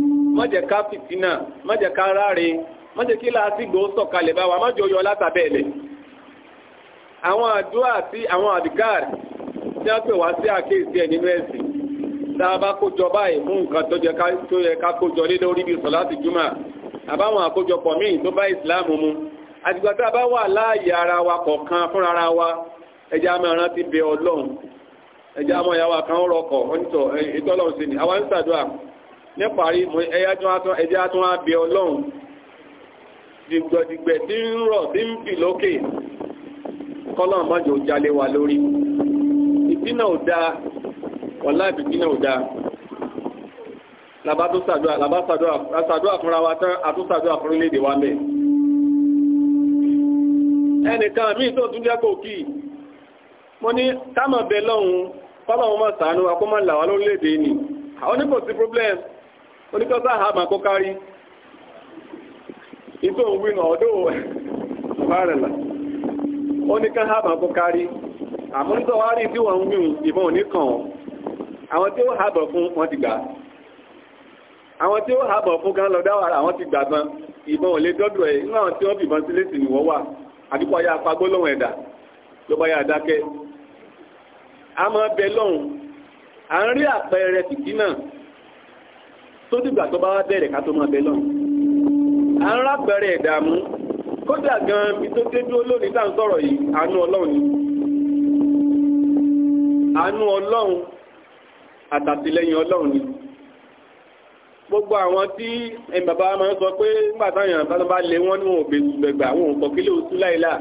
má jẹ́ ká fìtínà má jẹ́ ká ráre má jẹ́ kí láàsìgbò sọ̀kalẹ̀ bá wa má jọ yọ látàbẹ̀ẹ̀lẹ̀ àwọn àdúrà sí àwọn àdìgáàrì tí a pè wá sí àkéèsí ẹ̀ nínú ẹ̀sìn tá a bá kójọ báyìí mú nǹkan tó yẹ ká kójọ lé lórí bí sọ̀láti júmà àbáwọn àkójọpọ̀ míì tó bá ìsìláàmù mu àtìgbà tá a bá wà láàyè ara wa kọ̀ọ̀kan fúnra ara wa ẹja máa rántí bẹ ọlọ́run ẹja máa yà wá rọkọ̀ onítọ̀ ètò ni àwa ń ṣàdúrà níparí ẹyá tí wọ́n ẹjẹ́ tí wọ́n bẹ ọlọ́run dìgbẹ̀dìgbẹ̀ tí ń rọ̀ tí ń bì lókè kọ́lọ̀n mọ́jọ jalè wà lórí ìdínà ò dáa wọ̀lá ìbìdínà ò dáa labásàdúrà fúnra wa tán àtúnsàdúrà fún orílẹ̀-èdè wa mẹ́ ẹnìkan mí tó tún jẹ́ kò kí mo ní kámọ̀ bẹ lọ́hun kọ́lọ̀un mọ̀ ṣàánú akọ́mọ̀ làwà lórílẹ̀-èdè ni àwọn oníkò sí problem oníkọ́sá àmà kó kárí ìtò òun wínà ọ̀dọ́ ọ̀fàrẹ̀lá oníkà àmà kó kárí àmúntọ́ wá rí tí wọ́n ń wíhun ìbọn oníkàn àwọn tí ó hàbọ̀ fún wọn ti gbà àwọn tí ó hàbọ̀ fún gan lọ́dáwà àwọn ti gbà gan ìbọn ò lè dọ́dọ̀ ẹ̀ nínú àwọn tí wọ́n fìbọn sílé sí nìwọ́ wà àdúgbò ayé apagbó lọ́wọ́ ẹ̀dà ló bá yà dákẹ́ a máa bẹ lọ́hùn à ń rí àpẹẹrẹ tìtì náà tó dìgbà tó bá wá bẹ̀rẹ̀ ká tó máa bẹ lọ à ń rábẹ̀rẹ̀ ìdààmú kódà gan ibi tó dé dúró lónìí tá à ń sọ̀rọ̀ yìí àánú ọlọ́run ni àánú ọlọ́run àtàtìlẹ́yìn ọlọ́run ni gbogbo àwọn tí ẹ̀yìn bàbá máa ń sọ pé nígbà táyàn bá bá lé wọn níwọ̀n òbí gbẹ̀gbà àwọn òǹkọ̀ kí lè tú láìlà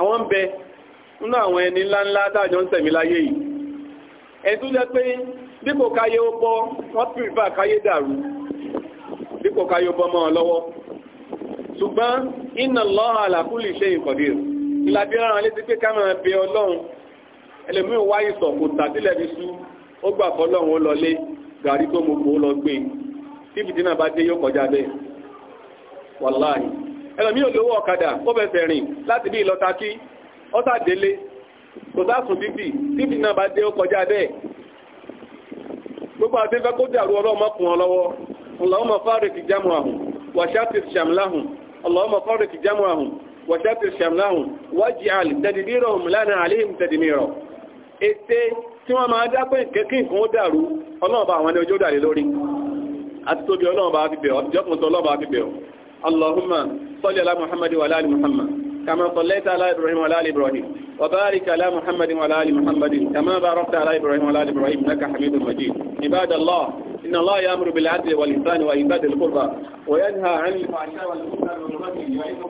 àwọn ń bẹ nínú àwọn ẹni ńláńlá táàjọ ń tẹ̀mí láyé yìí ẹ̀ tó jẹ́ pé dípò káyé ó bọ́ wọ́n pìrìfà káyé dàrú dípò káyé ó bọ́ mọ́ ọ lọ́wọ́ ṣùgbọ́n ala kulli shay'in qadir létí pé ká máa ọlọ́run ẹlẹ́mìí wáyé sọ̀kò tàbílẹ̀ fi sú ó gbà fọlọ́run ó lọlé gàrí tó mo kó lọ gbé tí fìdínà bá dé yóò kọjá bẹ́ẹ̀ ẹlẹ́mìí ò lówó ọ̀kadà ó rìn láti bí kò bíbì bá dé ó kọjá bẹ́ẹ̀ gbogbo àti fẹ́ kó dàrú ọlọ́mọ kùn ọ lọ́wọ́ Allahumma farik jam'ahum wa shatit shamlahum Allahumma farik jam'ahum wa shatit shamlahum waj'al tadbirahum lana alayhim tadmira ète tí wọ́n máa dá pé kẹ́kí nǹkan ó dàrú ọlọ́ọ̀bá àwọn ẹni ojú ó dàrí lórí àti tóbi ọlọ́ọ̀bá fi كما صليت على إبراهيم وعلى آل إبراهيم وبارك على محمد وعلى آل محمد كما باركت على إبراهيم وعلى آل إبراهيم إنك حميد مجيد عباد الله إن الله يأمر بالعدل والإحسان وإيتاء ذي القربى وينهى عن الفحشاء والمنكر والبغي